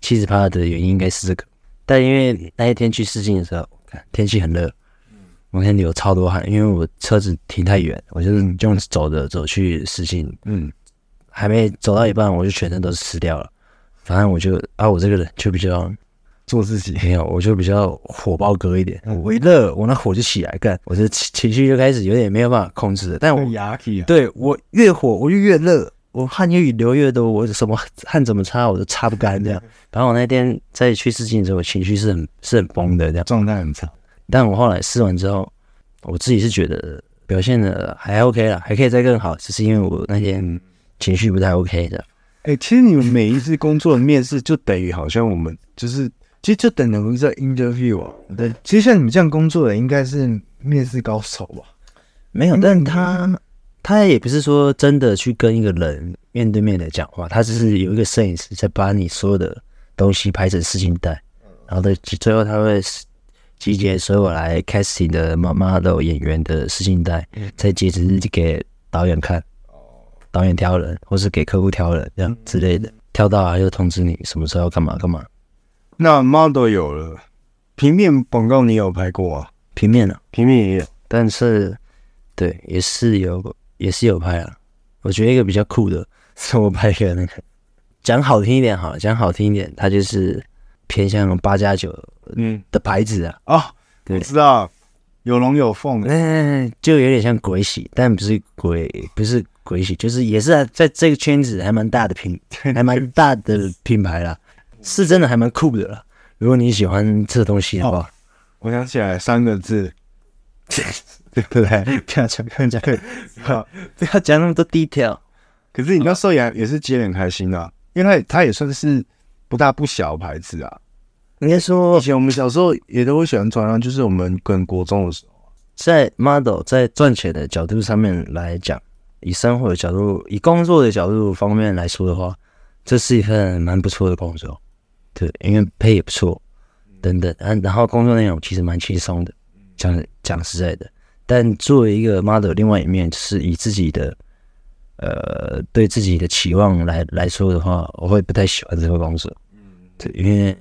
七十趴的原因應該是這個。但因為那一天去試鏡的時候，看天氣很熱，嗯，我那裡有超多汗，因為我車子停太遠，我就是用走的走去試鏡，嗯，還沒走到一半，我就全身都濕掉了。反正我就啊，我這個人就比較做自己，沒有我就比較火爆哥一點。嗯、我一熱熱，我那火就起來，幹，我這情緒就開始有點沒有辦法控制。但我、啊、對我越火我就越熱，我汗越流越多，我什麼汗怎麼擦我都擦不乾這樣。 反正我那天在去試鏡的時候，我情緒是很是很崩的這樣，狀態很差。但我後來試完之後，我自己是覺得表現的還 OK 了，還可以再更好，只是因為我那天情緒不太 OK 的。哎、欸，其實你們每一次工作的面試，就等於好像我們就是， 其實就等於我們在 interview 啊。對，其實像你們這樣工作的，應該是面試高手吧？沒有，但他他，他也不是說真的去跟一個人面對面的講話，他就是有一個攝影師在把你說的東西拍成試鏡帶，然後的，最後他會集結所有來 casting 的 model 演員的試鏡帶，再截止給導演看。導演挑人，或是給客戶挑人這樣之類的，挑到啊又通知你什麼時候要幹嘛幹嘛。那 model 有了，平面廣告你有拍過啊？平面啊，平面也有，但是對，也是有，也是有拍啊。我覺得一個比較酷的，是我拍一個那個，講好聽一點哈，講好聽一點，它就是偏向八加九嗯的牌子啊。嗯、哦，對我知道。有龍有鳳，欸，就有點像鬼璽，但不是鬼，不是鬼璽，就是也是在這個圈子還蠻大的品， 還蠻大的品牌啦。是真的還蠻酷的啦。如果你喜歡這東西好不好，哦，我想起來三個字， 對不對？不要講，不講，不要講 那麼多 detail。可是你知道壽也是接得很開心的，啊，因為他它也，也算是不大不小的牌子啊。應該說，以前我們小時候也都會喜歡穿啊，就是我們跟國中的時候，在 model 在賺錢的角度上面來講，以生活的角度，以工作的角度方面來說的話，這是一份蠻不錯的工作，對，因為 pay 也不錯，等等，然然後工作內容其實蠻輕鬆的，講講實在的，但作為一個 model，另外一面就是以自己的呃對自己的期望來來說的話，我會不太喜歡這份工作，嗯，對，因為。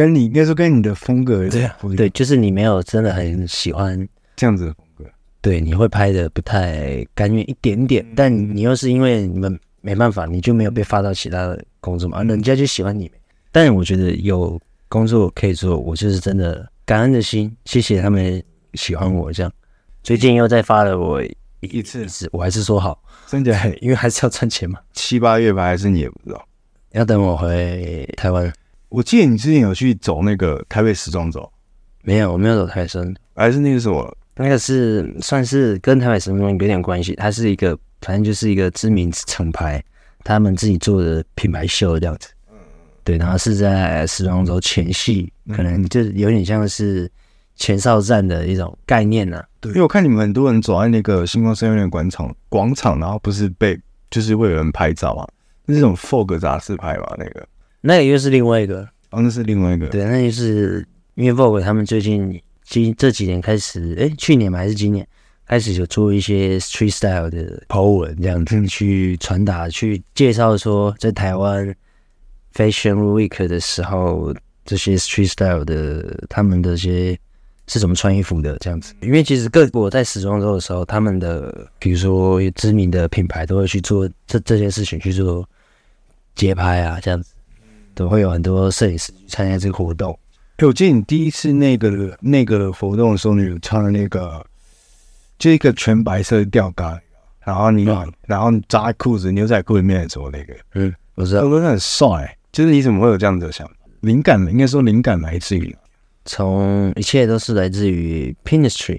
跟你應該說跟你的風格一樣，對、啊，對，就是你沒有真的很喜歡這樣子的風格，對，你會拍的不太甘願一點點，嗯、但你又是因為你們沒辦法，你就沒有被發到其他的工作嘛，人家就喜歡你。嗯、但我覺得有工作可以做，我就是真的感恩的心，謝謝他們喜歡我這樣。最近又再發了我一次，一次我還是說好，真的所以，因為還是要賺錢嘛。七八月吧，還是你也不知道，要等我回台灣。我記得你之前有去走那個台北時裝周，沒有？我沒有走台北，還是那個什麼？那個是算是跟台北時裝周有點關係。它是一個，反正就是一個知名廠牌，他們自己做的品牌秀的樣子。嗯，對，然後是在時裝周前夕，嗯、可能就是有點像是前哨戰的一種概念呢、啊。嗯、對，因為我看你們很多人走在那個新光三越的廣場廣場，場然後不是被就是會有人拍照啊，那是這種 Fog 雜志拍吧，那個。那個又是另外一個，哦，那是另外一個。對，那就是因為 Vogue 他們最近今這幾年開始，哎、欸，去年還是今年開始有做一些 street style 的 po 文，這樣子、嗯、去傳達、去介紹說，在台灣 Fashion Week 的時候，這些 street style 的他們的一些是怎麼穿衣服的這樣子。因為其實各我在時裝週的時候，他們的比如說有知名的品牌都會去做這這件事情，去做街拍啊這樣子。都會有很多攝影師去參加這個活動。哎，我記得你第一次那個那個活動的時候，你有穿那個就一個全白色的吊杆，然後你、嗯、然後你扎褲子牛仔褲裡面的時候那個，嗯，我知道，我覺得很帥。就是你怎麼會有這樣的想法？靈感？應該說靈感來自於從一切都是來自於 Pinterest，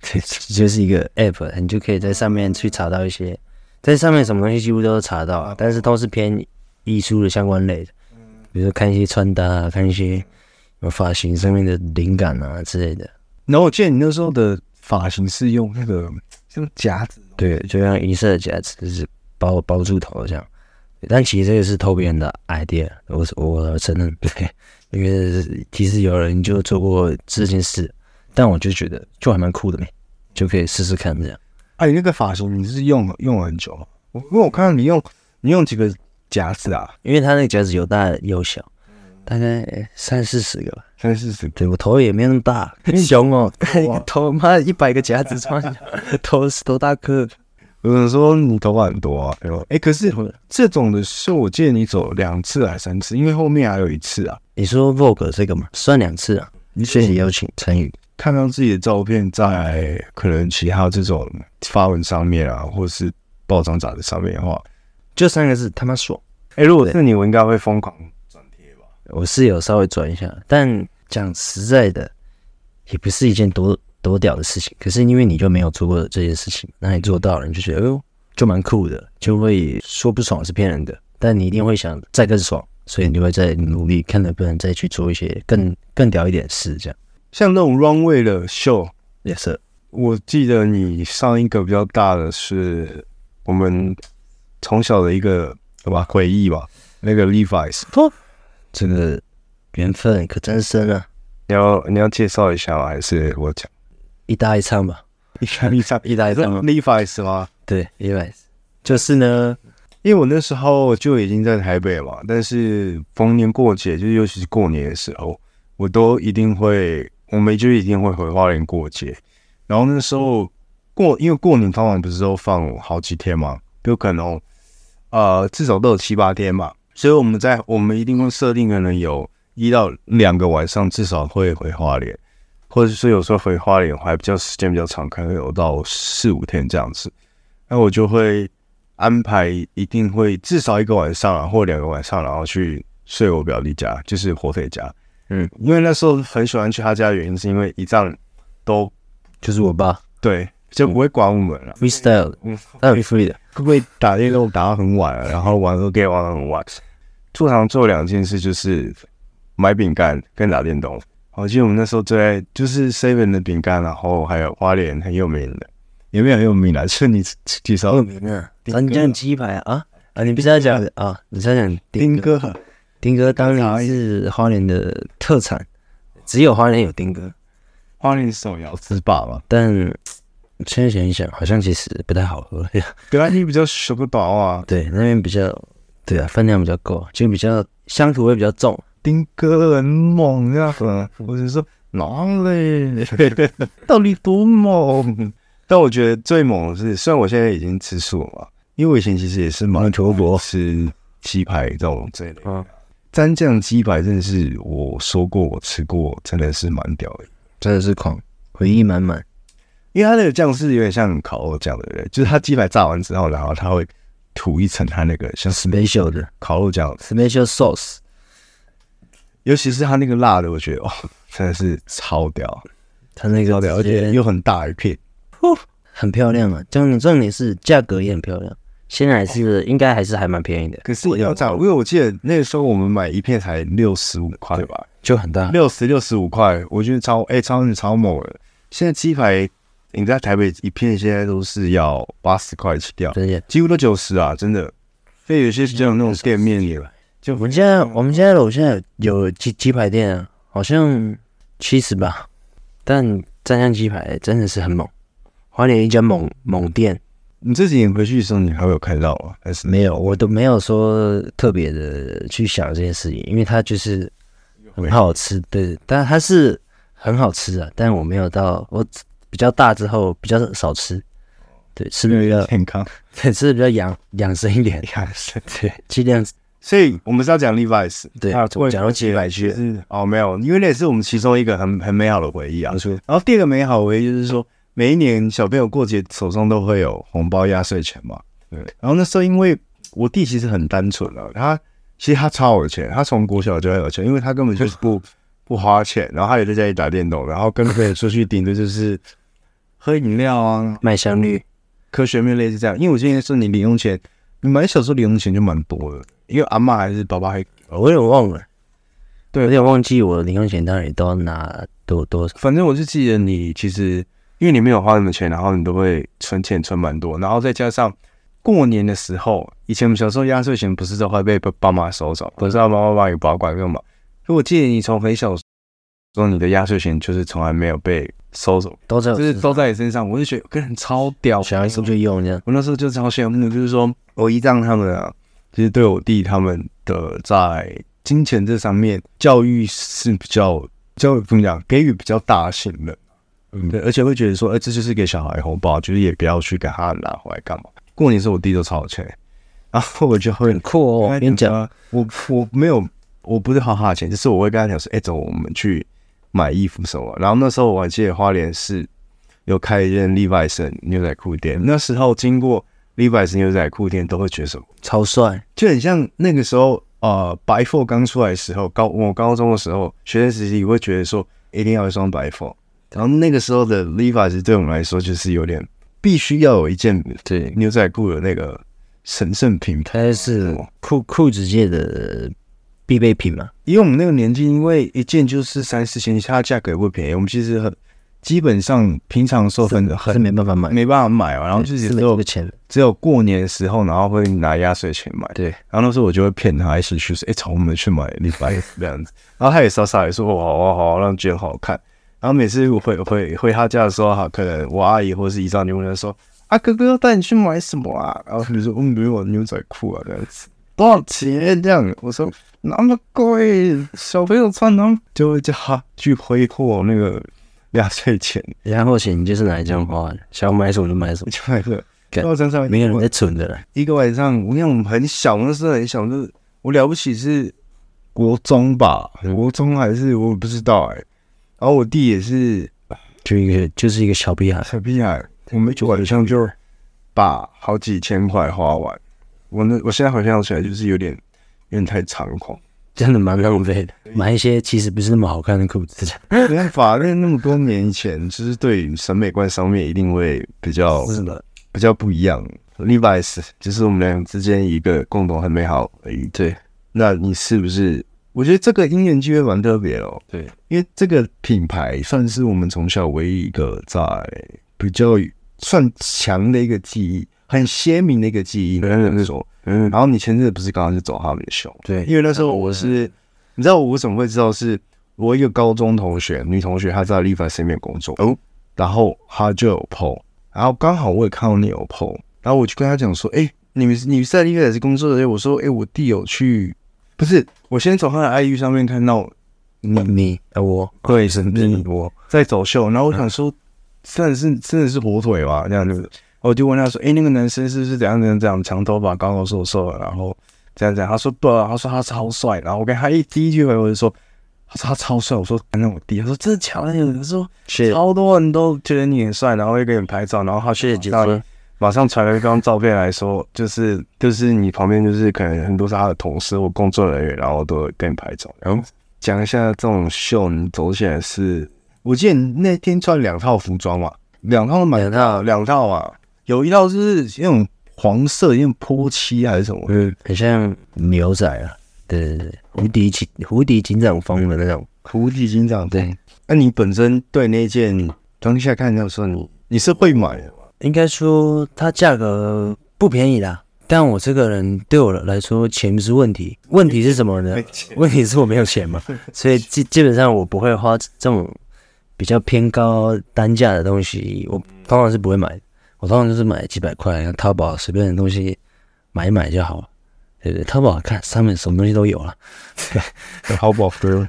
這就是一個 app， 你就可以在上面去查到一些，在上面什麼東西幾乎都是查到，啊，但是都是偏藝術的相關類的。比如說看一些穿搭啊，看一些什麼髮型上面的靈感啊之類的。然後我記得你那時候的髮型是用那個像夾子，對，就像銀色的夾子，就是包包住頭這樣。但其實這個是偷別人的 idea，我是我承認，對，因為其實有人就做過這件事。但我就覺得就還蠻酷的，就可以試試看這樣。哎，那個髮型你是，是用了用了很久嗎？不過我看到你用你用幾個？夾子啊，因為他那個夾子有大有小，大概、欸、三四十個吧，三四十個。對我頭也沒有那麼大，很凶哦，一個、喔、哇頭，媽一百個夾子穿， 頭頭大顆。有人說你頭髮很多，啊。哎，呦，哎，可是這種的秀我建議你走兩次還是三次，因為後面還有一次啊。你說 Vogue 這個嘛，算兩次啊。謝謝邀請，陳宇、嗯、語看到自己的照片在可能其他這種發文上面啊，或是報章雜誌上面的話。就三個字他媽爽！哎、欸，如果是你，對我應該會瘋狂轉貼吧。我是有稍微轉一下，但講實在的，也不是一件多多屌的事情。可是因為你就沒有做過這件事情，那你做到了，你就覺得哎呦，就蠻酷的，就會說不爽是騙人的。但你一定會想再更爽，所以你就會再努力，看能不能再去做一些更、嗯、更屌一點的事。這樣，像那種 runway 的秀也是。Yes, sir 我記得你上一個比較大的是我們。從小的一個對吧回憶吧，那個 Levi's，哦，真的緣分可真深啊你！你要你要介紹一下嗎？還是我講？一搭一唱吧， 一搭一唱 一搭一唱 Levi's 嗎？Le 嗎對 Levi's，就是呢，因為我那時候就已經在台北了嘛，但是逢年過節，就是尤其是過年的時候，我都一定會，我們就一定會回花蓮過節。然後那時候過，因為過年當晚不是都放好幾天嘛，有可能。呃，至少都有七八天嘛，所以我們在我們一定會設定可能有一到兩個晚上至少會回花蓮，或者是說有時候回花蓮還比較時間比較長，可能有到四五天這樣子。那我就會安排，一定會至少一個晚上啊，或兩個晚上，然後去睡我表弟家，就是火腿家。嗯，因為那時候很喜歡去他家的原因是因為一丈都就是我爸，對，就不會管我們了，freestyle，嗯，還有 free 的。會打電動打到很晚，啊，然後玩都給玩很晚。通常做兩件事就是買餅乾跟打電動。我記得我們那時候最愛就是 Seven 的餅乾，然後還有花蓮很有名的，有沒有很有名的？就是你介紹很有名啊，三江雞排啊哥啊，啊！你不是要講啊，你再講丁哥，丁哥當然是花蓮的特產，只有花蓮有丁哥，花蓮手搖吃飽了，但。先想一想，好像其實不太好喝呀！對啊，你比較食不飽啊。對，那邊比較，對啊，分量比較夠，就比較鄉土味比較重。丁哥很猛呀，嗯，我就說哪裡 到底多猛？但我覺得最猛的是，雖然我現在已經吃素了嘛，因為我以前其實也是蠻多國吃雞排這種這一類的。嗯，蘸醬雞排真的是我說過我吃過，真的是蠻屌的，真的是狂，回憶滿滿。因為它那個醬是有點像烤肉醬的，就是它雞排炸完之後，然後它會塗一層它那個像的 special 的烤肉醬，special sauce，尤其是它那個辣的，我覺得哇、哦，真的是超屌，它那個超屌，而且又很大一片，哦、很漂亮啊！重點重點是價格也很漂亮，現在還是應該還是還蠻便宜的。可是要炸，我因為我記得那個時候我們買一片才六十五塊對吧，就很大，六十六十五塊，我覺得超哎、欸，超超猛的。現在雞排。你在台北一片，現在都是要八十塊吃掉，真的幾乎都九十啊，真的。所以有些是像那種店面也，就我們家，像我們家樓下有有雞雞排店啊，好像七十吧。嗯、但戰將雞排真的是很猛，花蓮一家猛猛店。你自己回去的時候，你還會有看到啊？還是、嗯、沒有？我都沒有說特別的去想這件事情，因為它就是很好吃。對，會但它是很好吃啊，但我沒有到我。比較大之後比較少吃，對，吃比較健康，對，吃比較養養生一點，養生對，盡量。 所以我們是要講 Levi's，對，要講到切來去。哦，沒有，因為那也是我們其中一個很很美好的回憶啊。不然後第二個美好的回憶就是說，每一年小朋友過節手上都會有紅包壓歲錢嘛。對。然後那時候因為我弟其實很單純啊，他其實他超有錢，他從國小就很有錢，因為他根本就是不不花錢，然後他也在家裡打電動，然後跟朋友出去，頂多就是。 喝飲料啊，買香芋，科學沒有類似這樣。因為我現在說你零用錢，你買小時候零用錢就蠻多的，因為阿媽還是爸爸還……我有點忘了，對，我有點忘記我零用錢到底都要拿多多。反正我就記得你其實，因為你沒有花什麼錢，然後你都會存錢存蠻多，然後再加上過年的時候，以前我們小時候壓歲錢不是都會被爸媽收走，不是阿爸阿媽有保管，對嗎？如果記得你從很小時候，說你的壓歲錢就是從來沒有被。收走，都是在，就是都在你身上。是我就覺得有個人超屌，小孩子就用，這樣。我那時候就超羨慕，就是說我姨丈他們啊，其、就、實、是、對我弟他們的在金錢這上面教育是比較，教育怎麼講，給予比較大信任、嗯、對，而且會覺得說，哎、呃，這就是給小孩紅包，就是也不要去給他拿回來幹嘛。過年時候我弟都超有錢，然後我覺得很酷哦。跟你講、啊，我我沒有，我不是花他的錢，只、就是我會跟他講說，哎、欸，走，我們去。買衣服什麼？然後那時候我還記得花蓮市有開一間 Levi's 牛仔褲店。那時候經過 Levi's 牛仔褲店都會覺得什麼？超帥，就很像那個時候啊、呃，白貨剛出來的時候，高我高中的時候學生時期，會覺得說一定要一雙白貨。然後那個時候的 Levi's 對我們來說就是有點必須要有一件對牛仔褲的那個神聖品牌，它是褲褲子界的。必備品嘛，因為我們那個年紀，因為一件就是三四千，其他價格也不便宜。我們其實很基本上平常時候很很沒辦法買，沒辦法買。然後就是只有是個錢，只有過年的時候，然後會拿壓歲錢買。對，然後那時候我就會騙他一起去，誒，從、欸、我們去買禮拜這樣子。然後他也傻傻也說哇哇好，那件好看。然後每次我回回回他家的時候，哈，可能我阿姨或是姨丈，就會說啊，哥哥要帶你去買什麼啊？然後比如說我們買完牛仔褲啊這樣子。多少錢這樣？我說那麼貴，小朋友穿那麼……就會叫他去揮霍那個壓歲錢、壓歲錢，就是拿來這樣花，嗯、想買什麼就買什麼，就買一個到身上，沒有人在存的了。一個晚上，你看我們很小的時候，很小的時候，我了不起是國中吧，嗯、國中還是我不知道誒、欸，然後我弟也是，就一個就是一個小屁孩，小屁孩，我們一晚上就是把好幾千塊花完。我那，我現在回想起來，就是有點，有點太猖狂，真的蠻浪費的，對買一些其實不是那麼好看的褲子。法律那麼多年以前，其實 對審美觀上面一定會比較是的，比較不一樣。Levi's 的就是我們倆之間一個共同很美好而已。對，那你是不是？我覺得這個因緣機會蠻特別哦。對，因為這個品牌算是我們從小唯一一個在比較算強的一個記憶。很鮮明的一個記憶，跟嗯，然後你前陣子不是剛剛就走他們的秀，對，因為那時候我是，嗯、你知道我為什麼會知道是，我一個高中同學，女同學，她在麗凡身邊工作哦，然後她就有 PO，然後剛好我也看到你有 PO，然後我就跟她講說，哎、欸，你們你，你在麗凡也是工作的，候，我說，哎、欸，我弟有去，不是，我先從他的 I U 上面看到你你，啊對啊，我，對病是你，你我在走秀，然後我想說，真的，嗯、是真的是火腿吧，這樣子。我就問他說：“誒、欸，那個男生是不是怎樣怎樣，怎樣說說？怎樣，長頭髮、高高瘦瘦的，然後這樣講。”他說：“不，他說他超帥。”然後我跟他一第一句回我就說：“他說他超帥。我說”我說：“反正我弟。”他說：“真的假的。”他說：“超多人都覺得你很帥，然後會給你拍照。”然後他謝謝傑哥，馬上傳了一張照片來說：“就是就是你旁邊就是可能很多是他的同事或工作人員，然後都會給你拍照。”然後講一下這種秀，你走起來是？我記得你那天穿兩套服裝嘛？兩套都買，兩套，兩套啊？有一套是那種黃色，那種潑漆還是什麼？嗯，很像牛仔啊。對對對，無敵警無敵警長風的那種，無敵、嗯、警長。對，那、啊、你本身對那件當下看這樣說，你你是會買的嗎？應該說它價格不便宜啦，但我這個人對我來說錢不是問題。問題是什麼呢？錢問題是我沒有錢嘛。錢所以基基本上我不會花這種比較偏高單價的東西，我當然是不會買的。我通常就是買幾百塊，然後淘寶隨便的東西買一買就好了，對不對？淘寶看上面什麼東西都有了、啊，淘寶服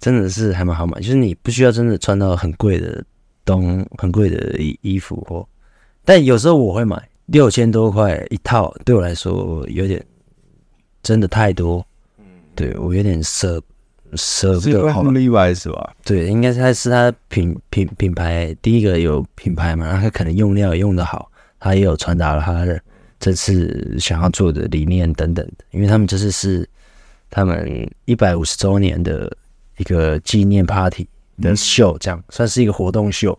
真的是還蠻好買，就是你不需要真的穿到很貴的東，很貴的衣服或，但有時候我會買六千多塊一套，對我來說我有點真的太多，嗯，對我有點奢。捨不得好是好例外是吧？對，應該他是他品品品牌，第一個有品牌嘛，然後他可能用料用得好，他也有傳達了他的這次想要做的理念等等，因為他們這次是他們一百五十周年的一個紀念 party 的秀，這樣，嗯、算是一個活動秀，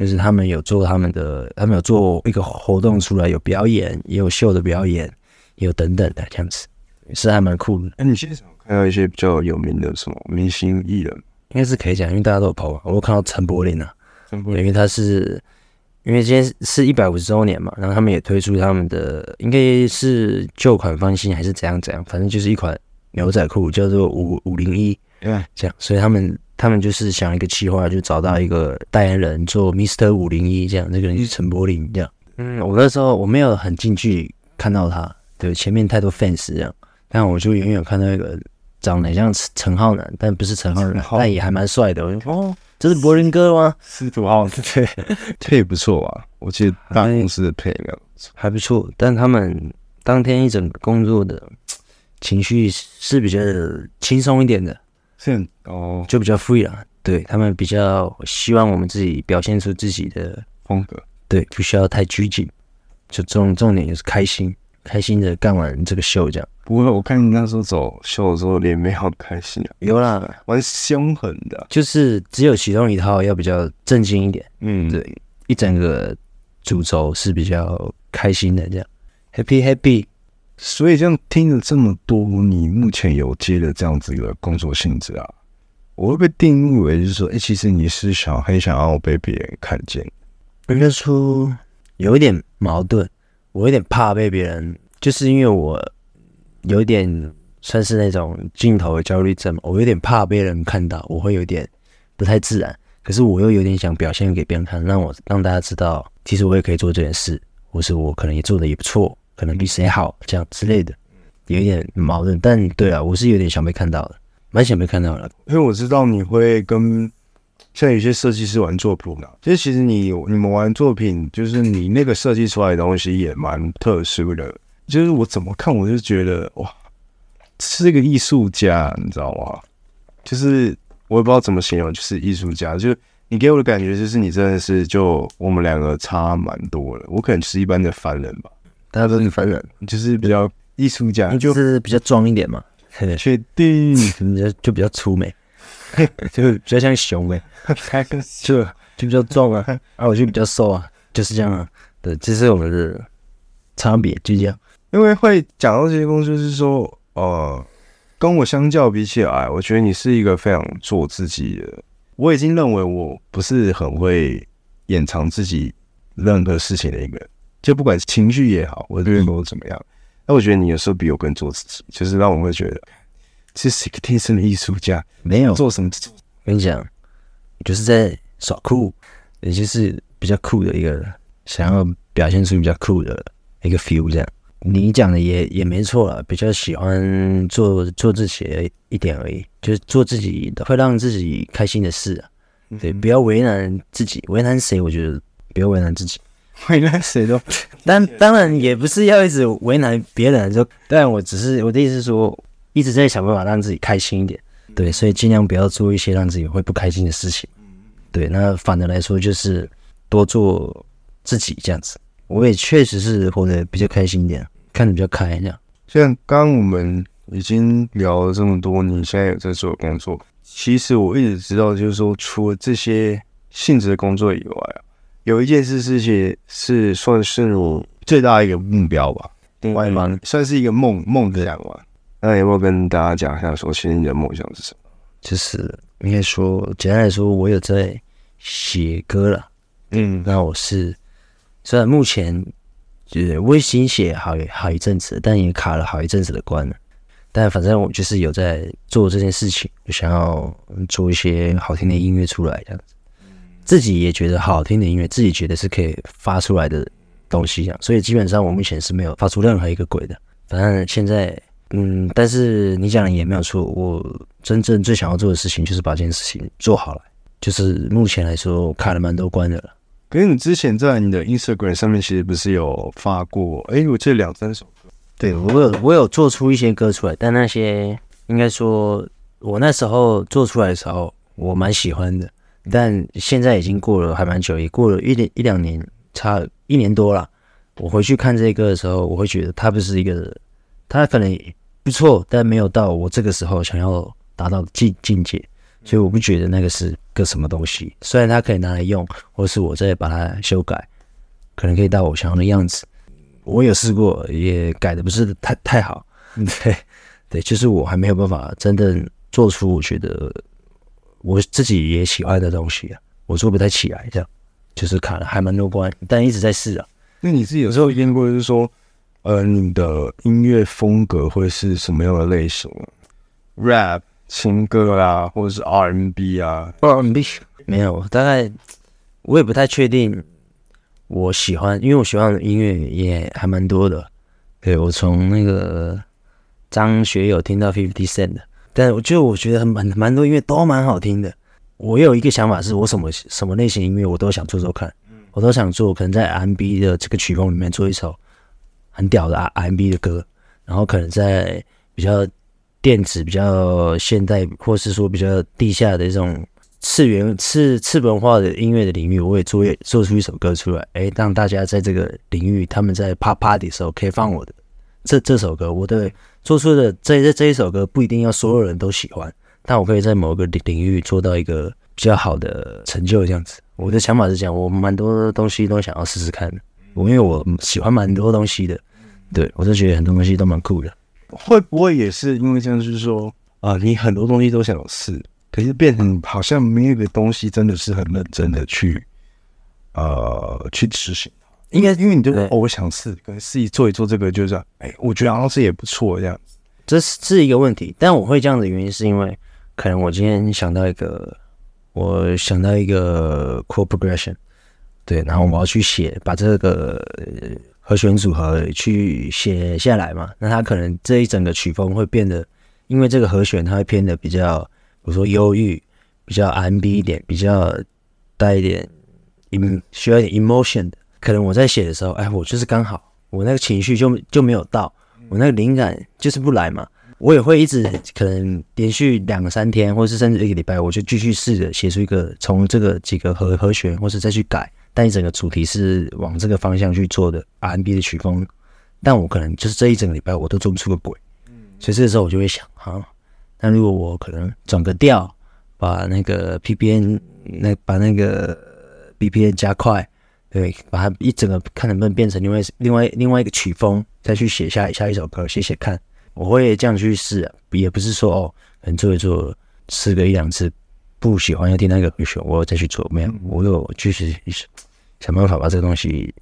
就是他們有做他們的，他們有做一個活動出來，有表演，也有秀的表演，有等等的這樣子，是還蠻酷的。哎、嗯，你欣賞。還有一些比較有名的什麼明星藝人，應該是可以講，因為大家都有跑過。我都看到陳柏霖啊，陳柏霖，因為他是因為今天是一百五十周年嘛，然後他們也推出他們的應該是舊款翻新還是怎樣怎樣，反正就是一款牛仔褲叫做五五零一，1, 對吧，這樣。所以他們他們就是想一個企劃，就找到一個代言人做 Mr. 五零一，這樣那個人就是陳柏霖，這樣。嗯，我那時候我沒有很近距離看到他，對，前面太多 fans 這樣，但我就遠遠看到一個。長得像陳浩南，但不是陳浩南，浩但也還蠻帥的。我哦，哦這是柏林哥嗎？司徒浩南對，配 不錯啊。我覺得大公司的配料還還不錯，但他們當天一整個工作的情緒是比較輕鬆一點的，是很哦，就比較 free 了。對，他們比較希望我們自己表現出自己的風格，對，不需要太拘謹，就重重點就是開心。開心的幹完這個秀，這樣不會？我看你那時候走秀的時候，臉沒好開心啊，有啦，蠻凶狠的，就是只有其中一套要比較正經一點。嗯，對，一整個主軸是比較開心的這樣、嗯、，Happy Happy。所以這樣聽了這麼多，你目前有接的這樣子的工作性質啊，我會被定義為就是說，哎、欸，其實你是想很想要我被別人看見，應該說有一點矛盾。我有點怕被別人，就是因為我有點算是那種鏡頭的焦慮症嘛。我有點怕被人看到，我會有點不太自然。可是我又有點想表現給別人看，讓我讓大家知道，其實我也可以做這件事，或是我可能也做得也不錯，可能比誰好這樣之類的，有一點矛盾。但對啊，我是有點想被看到的，蠻想被看到的，因為我知道你會跟。像有些設計師玩作品呢、啊，其實其實你你們玩作品，就是你那個設計出來的東西也蠻特殊的。就是我怎麼看，我就覺得哇，是一個藝術家，你知道嗎？就是我也不知道怎麼形容，就是藝術家。就是你給我的感覺，就是你真的是就我們兩個差蠻多的。我可能是一般的凡人吧，大家都是凡人，就是比較藝術家，就是，是比較裝一點嘛。確定，就就比較粗美。 就比較像熊唄、欸，就就比較壯啊，啊，我就比較瘦啊，就是這樣啊。對，這是我們的差別，就這樣。 因為會講到這些東西，就是說，呃，跟我相較比起來，我覺得你是一個非常做自己的。我已經認為我不是很會掩藏自己任何事情的一個人，就不管是情緒也好，或者說怎麼樣。那我覺得你有時候比我更做自己，就是讓我會覺得。這是一個天生的藝術家，沒有做什麼。我跟你講，就是在耍酷，也就是比較酷的一個人，想要表現出比較酷的一個 feel 這樣，你講的也也沒錯啦，比較喜歡做做自己的一點而已，就是做自己的，會讓自己開心的事啊。對，嗯、哼不要為難自己，為難誰？我覺得不要為難自己，為難誰都 但。當當然也不是要一直為難別人，就但我只是我的意思是說。一直在想辦法讓自己開心一點，對，所以儘量不要做一些讓自己會不開心的事情。嗯，對。那反的來說，就是多做自己這樣子。我也確實是活得比較開心一點，看得比較開這樣。像剛剛我們已經聊了這麼多，你現在有在做工作。其實我一直知道，就是說除了這些性質的工作以外啊，有一件事是些是算是我最大一個目標吧，對嗎？外算是一個夢夢對想嘛。那有沒有跟大家講一下，說現在的夢想是什麼？就是應該說，簡單來說，我有在寫歌了。嗯，那我是雖然目前就是微信寫好好一陣子，但也卡了好一陣子的關了。但反正我就是有在做這件事情，就想要做一些好聽的音樂出來，這樣子。自己也覺得好，好聽的音樂，自己覺得是可以發出來的東西，這樣。所以基本上我目前是沒有發出任何一個鬼的。反正現在。嗯，但是你講的也沒有錯。我真正最想要做的事情就是把這件事情做好了。就是目前來說，我看了蠻多關的了。可是你之前在你的 Instagram 上面，其實不是有發過？哎、欸，我記得兩三首歌。對我有，我有做出一些歌出來，但那些應該說，我那時候做出來的時候，我蠻喜歡的。但現在已經過了還蠻久，也過了一年、一兩年，差一年多了。我回去看這些歌的時候，我會覺得它不是一個。它可能不錯，但沒有到我這個時候想要達到的境境界，所以我不覺得那個是個什麼東西。雖然它可以拿來用，或是我再把它修改，可能可以到我想要的樣子。我有試過，也改的不是太太好。對，對，就是我還沒有辦法真正做出我覺得我自己也喜愛的東西啊。我做不太起來，這樣就是卡了，還蠻多關，但一直在試啊。那你自己有時候驗過，就是說？呃，你的音樂風格會是什麼樣的類型？rap、情歌啊，或者是 R&B 啊？R&B？沒有，大概我也不太確定。我喜歡，因為我喜歡的音樂也還蠻多的。對，我從那個張學友聽到50 Cent，但是我就我覺得很蠻蠻多音樂都蠻好聽的。我有一個想法是，我什麼什麼類型音樂我都想做做看，嗯、我都想做，可能在 R&B 的這個曲風裡面做一首。很屌的 R&B 的歌，然後可能在比較電子、比較現代，或是說比較地下的一種次元、次次文化的音樂的領域，我也做也做出一首歌出來，誒，讓大家在這個領域，他們在趴 Party 的時候可以放我的這這首歌。我的做出的這這這一首歌，不一定要所有人都喜歡，但我可以在某個領領域做到一個比較好的成就，這樣子。我的想法是講，我蠻多東西都想要試試看的，我因為我喜歡蠻多東西的。對，我就覺得很多東西都蠻酷的。會不會也是因為這樣？就是說，啊、呃，你很多東西都想試，可是變成好像沒有一個東西真的是很認真的去，呃，去執行。應該因為你就哦，我想試，可是試一做一做這個就這，就是哎，我覺得好像是也不錯這樣子。這是一個問題，但我會這樣的原因是因為，可能我今天想到一個，我想到一個 core progression，對，然後我要去寫，把這個。和弦組合去寫下來嘛？那他可能這一整個曲風會變得，因為這個和弦它會偏的比較，比如說憂鬱、比較 R&B 一點、比較帶一點 e 需要一點 emotion 的。可能我在寫的時候，哎，我就是剛好我那個情緒就就沒有到，我那個靈感就是不來嘛。我也會一直可能連續兩三天，或是甚至一個禮拜，我就繼續試着寫出一個從這個幾個和和弦，或是再去改。但一整個主題是往這個方向去做的 R&B 的曲風，但我可能就是這一整個禮拜我都做不出個鬼，嗯，所以這個時候我就會想，啊，那如果我可能轉個調，把那個 BPM、那把那個 BPM 加快，對，把它一整個看能不能變成另外另外另外一個曲風，再去寫下下一首歌，寫寫看，我會這樣去試，也不是說哦，能做一做，試個一兩次，不喜歡要聽那個歌曲，我再去做，沒有，我有我就是。想辦法把這個東西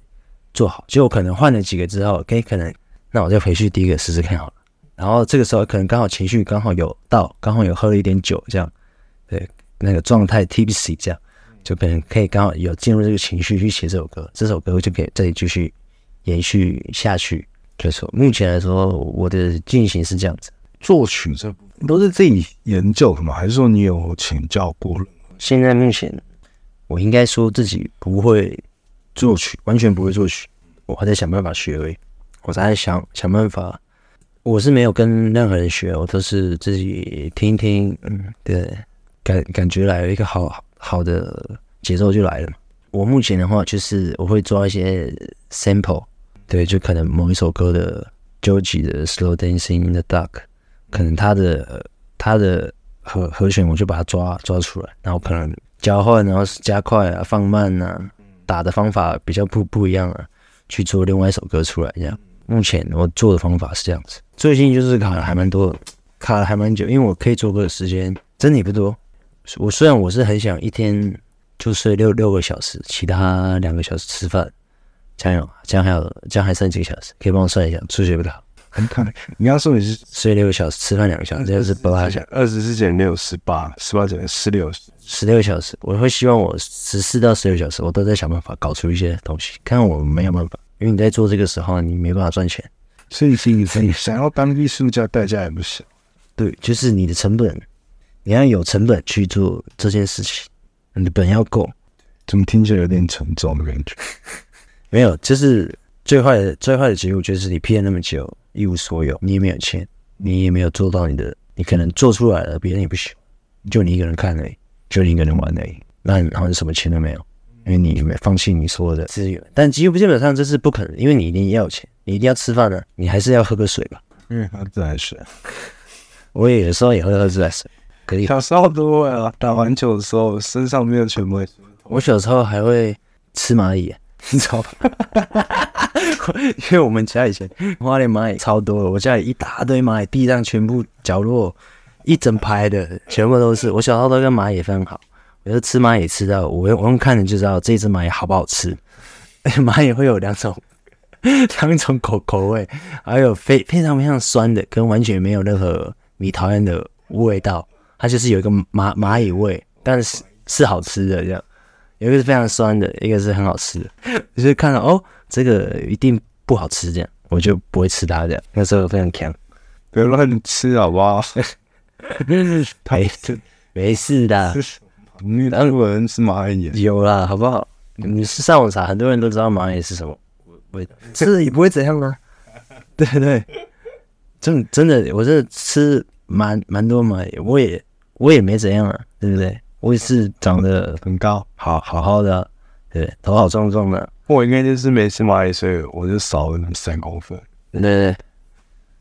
做好，結果可能換了幾個之後，可以可能，那我就回去第一個試試看好了。然後這個時候可能剛好情緒剛好有到，剛好有喝了一點酒，這樣，對，那個狀態 TBC 這樣，就可能可以剛好有進入這個情緒去寫這首歌。這首歌就可以再繼續延續下去。沒錯，目前來說我的進行是這樣子。作曲這都是自己研究的嗎？還是說你有請教過了？現在目前我應該說自己不會。作曲完全不會作曲，我還在想辦法學哎，我還在想想辦法。我是沒有跟任何人學，我都是自己聽一聽，嗯，對，感感覺來了一個好好的節奏就來了。我目前的話就是我會抓一些 sample，對，就可能某一首歌的 Joji 的 Slow Dancing in the Dark，可能它的它的和和弦我就把它抓抓出來，然後可能交換，然後是加快啊，放慢啊。打的方法比較不不一樣了、啊，去做另外一首歌出來，這樣。目前我做的方法是這樣子。最近就是卡了還蠻多，卡了還蠻久，因為我可以做歌的時間真的也不多。我雖然我是很想一天就睡六六個小時，其他兩個小時吃飯。這樣，這樣還有這樣還剩幾個小時？可以幫我算一下，數學不太好。很卡。你要說你是睡六個小時，吃飯兩個小時，這二是不拉下，二十四減六十八，十八減十六。十六小時，我會希望我十四到十六小時，我都在想辦法搞出一些東西。看我沒有辦法，因為你在做這個時候，你沒辦法賺錢。所以所以所以，所以所以 想要當藝術家代價也不小。對，就是你的成本，你要有成本去做這件事情，你的本要夠。怎麼聽起來有點沉重的感覺？ 沒有，就是最壞的最壞的結果就是你騙那麼久，一無所有，你也沒有錢，你也沒有做到你的，你可能做出來了，別人也不喜歡，就你一個人看而已。就一個人玩嘞，那好像什麼錢都沒有，因為你放棄你所有的資源。由但幾乎基本上這是不可能，因為你一定要有錢，你一定要吃飯的，你還是要喝個水吧？因為、嗯、自來水， 我有的時候也會喝自來水。嗯、可是小時候都會啊，打完球的時候、嗯、身上沒有全部。我小時候還會吃螞蟻，你知道吧？ 因為我們家以前花蓮螞蟻超多，我家裡一大堆螞蟻，地上全部角落。一整排的，全部都是。我小的時候都跟螞蟻非常好，我就吃螞蟻吃到，我用我用看就知道這隻螞蟻好不好吃。螞蟻會有兩種，兩 種口口味，還有非非常非常酸的，跟完全沒有任何你討厭的味道，它就是有一個螞螞蟻味，但是是好吃的這樣。有一個是非常酸的，一個是很好吃的，我就是、看到哦，這個一定不好吃這樣，我就不會吃它這樣。那時候我非常強，別亂吃好不好？ 沒事， 沒事的。當然有人吃螞蟻，有啦，好不好？你是上網查，很多人都知道螞蟻是什麼，我吃也不會怎樣啊。對對、對，真真的，我這吃蠻蠻多螞蟻，我也我也沒怎樣啊，對不對？我也是長得很高，好好的，對，頭好壯壯的。我應該就是沒吃螞蟻，所以我就少了三公分。對對、對。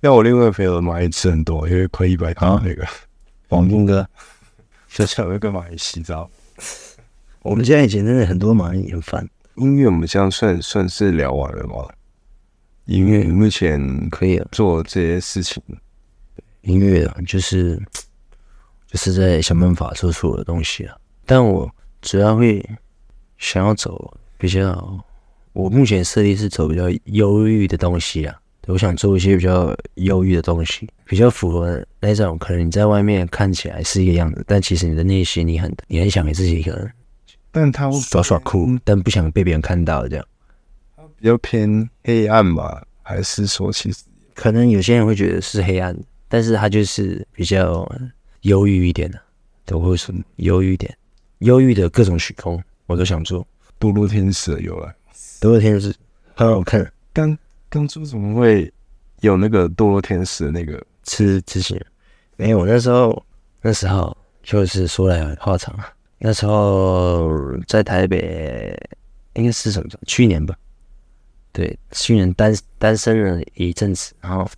像我另外一個朋友的螞蟻吃很多，因為虧一百塊那個黃金、啊、重哥，就準備跟螞蟻洗澡。 我們現在以前真的很多螞蟻很煩。音樂我們這樣算算是聊完了嗎？音樂樂目前可以做這些事情。音樂啊，就是就是在想辦法做出我的東西啊。但我主要會想要走比較，我目前設定是走比較憂鬱的東西啊。我想做一些比較憂鬱的東西，比較符合那種可能你在外面看起來是一個樣子，但其實你的內心你很你很想給自己一個，人，但他會、OK, 耍耍酷，但不想被別人看到這樣。他比較偏黑暗吧，還是說其實可能有些人會覺得是黑暗，但是他就是比較憂鬱一點的，都會是憂鬱一點，憂鬱的各種曲風。我都想做。墮落天使的由來，墮落天使很好看，剛。當初怎麼會有那個墮落天使的那個吃之前？沒有，我那時候那時候就是說來話長，那時候在台北應該是什麼？去年吧，對，去年單單身了一陣子，好然後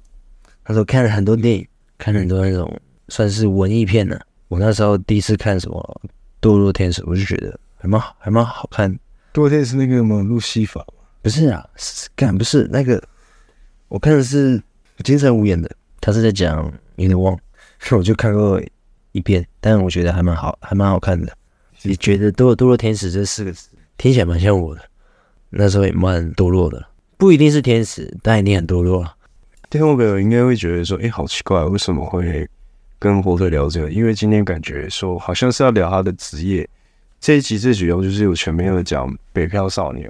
那時候看了很多電影，看了很多那種算是文藝片的、啊。我那時候第一次看什麼墮落天使，我就覺得還蠻還蠻好看。墮落天使那個什麼路西法。不是啊，是，幹，不是那個，我看的是金城武演的，他是在講有點忘，我就看過一遍，但我覺得還蠻好，還蠻好看的。你是覺得墮落“墮落天使、就是”這四個字聽起來蠻像我的，那時候也蠻墮落的，不一定是天使，但一定很墮落，啊。聽眾朋友應該會覺得說：“哎、欸，好奇怪，為什麼會跟火腿聊這個？”因為今天感覺說好像是要聊他的職業，這一集最主要就是我前面有全面的講北漂少年。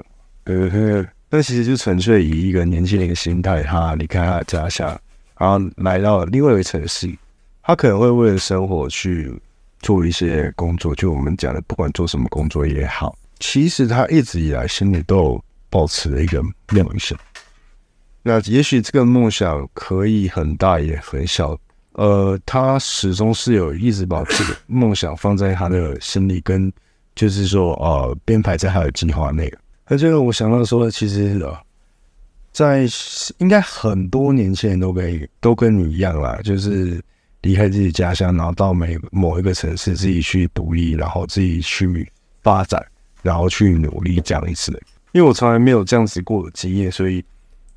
呃，那 其實就純粹以一個年輕人的心態，他離開他的家鄉，然後來到另外一個城市，他可能會為了生活去做一些工作。就我們講的，不管做什麼工作也好，其實他一直以來心裡都有保持一個夢想。那也許這個夢想可以很大，也很小。呃，他始終是有一直把這個夢想放在他的心裡，跟就是說呃編排在他的計劃內。那這個我想到說的其實是啊，在應該很多年輕人都跟都跟你一樣啦，就是離開自己家鄉，然後到每某一個城市自己去獨立，然後自己去發展，然後去努力這樣一次的，因為我從來沒有這樣子過的職業，所以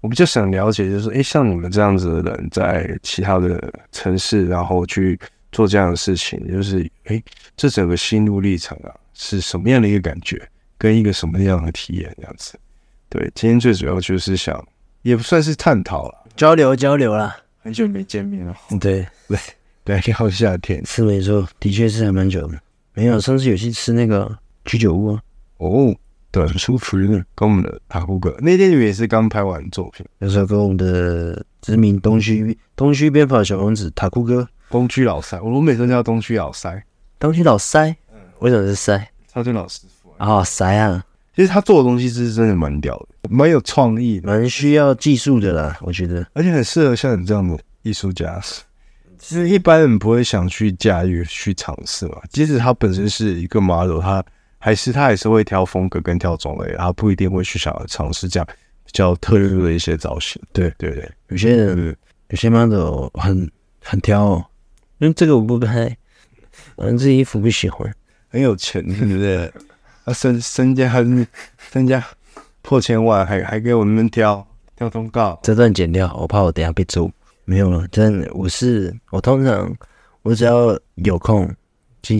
我比較想了解，就是哎，像你們這樣子的人，在其他的城市，然後去做這樣的事情，就是哎，這整個心路歷程啊，是什麼樣的一個感覺？跟一個什麼樣的體驗這樣子？對，今天最主要就是想，也不算是探討了，交流交流啦。很久沒見面了，對， 對，對，聊一下天，是沒錯，的確是還蠻久的。沒有上次有去吃那個居酒屋、啊、哦，對，很舒服跟我們的塔庫哥。那天你們也是剛拍完作品，那時候跟我們的知名東區東區編髮小王子塔庫哥，東區老，老，老塞，嗯、我們每次都叫東區老塞，東區老塞，嗯，為什麼是塞？他叫老師。啊，啥呀？其實他做的東西是真的蠻屌的，蠻有創意，蠻需要技術的啦。我覺得，而且很適合像你這樣的藝術家。其實一般人不會想去駕馭、去嘗試嘛。即使他本身是一個 model，他還是他也是會挑風格跟挑種類，他不一定會去想要嘗試這樣比較特殊的一些造型。嗯、對對對，有些人是是有些 model 很很挑，喔，因為這個我不拍，反正這衣服不喜歡。很有錢，對不對？ 身身、啊、家是身家破千萬，還還給我們挑挑通告，這段剪掉，我怕我等一下被揍。沒有了，真的，我是我通常我只要有空，對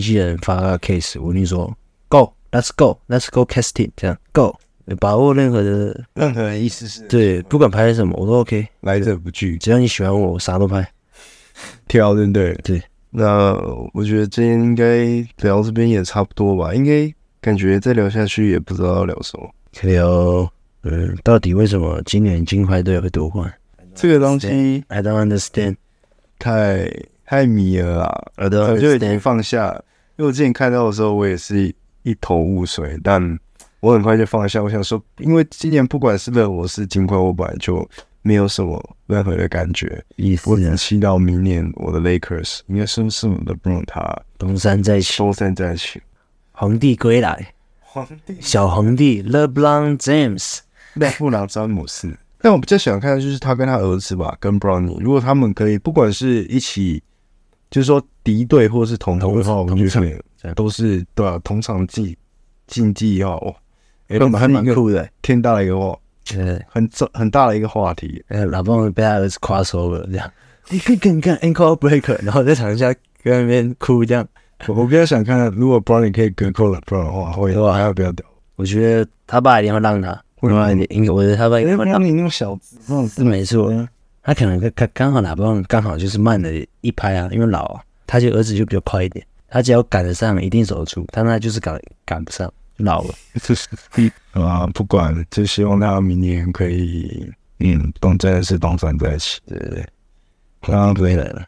經紀人發個 case，我跟你說，Go，Let's Go，Let's Go Casting，這樣 Go，把握任何的任何的，意思是？對，不管拍什麼我都 OK，來者不拒，只要你喜歡我，我啥都拍，挑對不對？對。那我覺得今天應該聊這邊也差不多吧，應該。感覺再聊下去也不知道聊什麼，聊嗯，到底為什麼今年金塊隊會奪冠？這個東西，I don't understand，太太迷了啊！我就有點放下，因為我之前看到的時候，我也是一,一頭霧水，但我很快就放下。我想說，因為今年不管是不我是金塊，我本來就沒有什麼任何的感覺，意思我只期待明年我的 Lakers 應該是不是我的 Brown，他東山再起，東山再起。皇帝歸來，皇帝小皇帝勒布朗詹姆斯，勒布朗詹姆斯。但我比較喜歡看的就是他跟他兒子吧，跟 brownie、嗯、如果他們可以，不管是一起，就是說敵對或是同同同場都是對吧、啊？同場記競技哈，哇，還蠻酷的、欸。對對對天大的一個，嗯，很重很大的一個話題。嗯、欸，老布被他兒子誇了這樣，你看你看 ankle break，然後在場下跟那邊哭這樣。我我比較想看，如果布朗你可以隔扣了布朗的話，我以後還要不要屌吧。我覺得他爸一定會讓他，因為什麼？我覺得他爸因為讓你那麼小，是沒錯，他可能剛剛好拿布剛好就是慢了一拍啊，因為老，他就兒子就比較快一點，他只要趕得上一定守得住，但他那就是趕趕不上，就老了。啊、 嗯，不管，就希望他明年可以嗯，東真的是東山再起，對對對。剛剛會來了。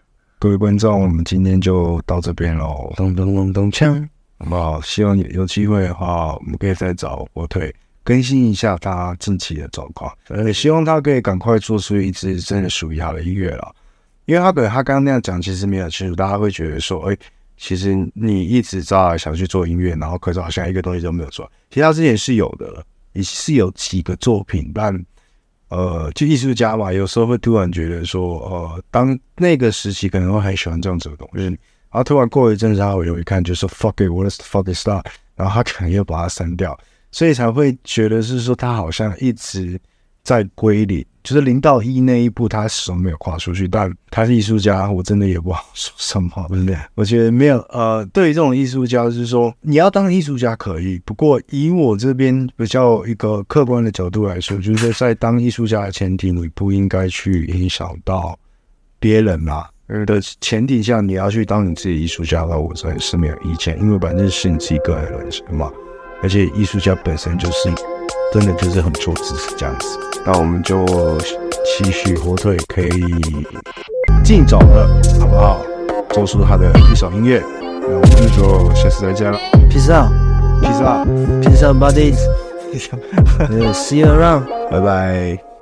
各位觀眾，我們今天就到這邊嘍。咚咚咚咚鏘！好，希望你有有機會的話，我們可以再找火腿更新一下他近期的狀況。也希望他可以趕快做出一支真的屬於他的音樂了，因為他可能他剛剛那樣講，其實沒有清楚，大家會覺得說，哎，其實你一直在想去做音樂，然後可是好像一個東西都沒有做。其實他之前是有的，也是有幾個作品，但。呃，就藝術家吧，有時候會突然覺得說，呃，當那個時期可能會很喜歡這種走動，就、嗯、是，然後突然過一陣子，他回頭一看，就說、是、“fuck it”，“what is the fuck it start”，然後他可能又把它刪掉，所以才會覺得是說他好像一直。在歸零，就是零到一那一步，他始終沒有跨出去。但他是藝術家，我真的也不好說什麼不是。我覺得沒有，呃，對於這種藝術家，就是說你要當藝術家可以。不過以我這邊比較一個客觀的角度來說，就是在當藝術家的前提，你不應該去影響到別人嘛。的前提下，你要去當你自己藝術家的話，我這也是沒有意見，因為反正是你自己個人選擇嘛。而且藝術家本身就是。真的就是很出制，是這樣子。那我們就期許火腿可以儘早的好不好，做出他的披薩音樂。那我們就下次再見了。peace out，peace out，peace out buddies，see you around，拜拜。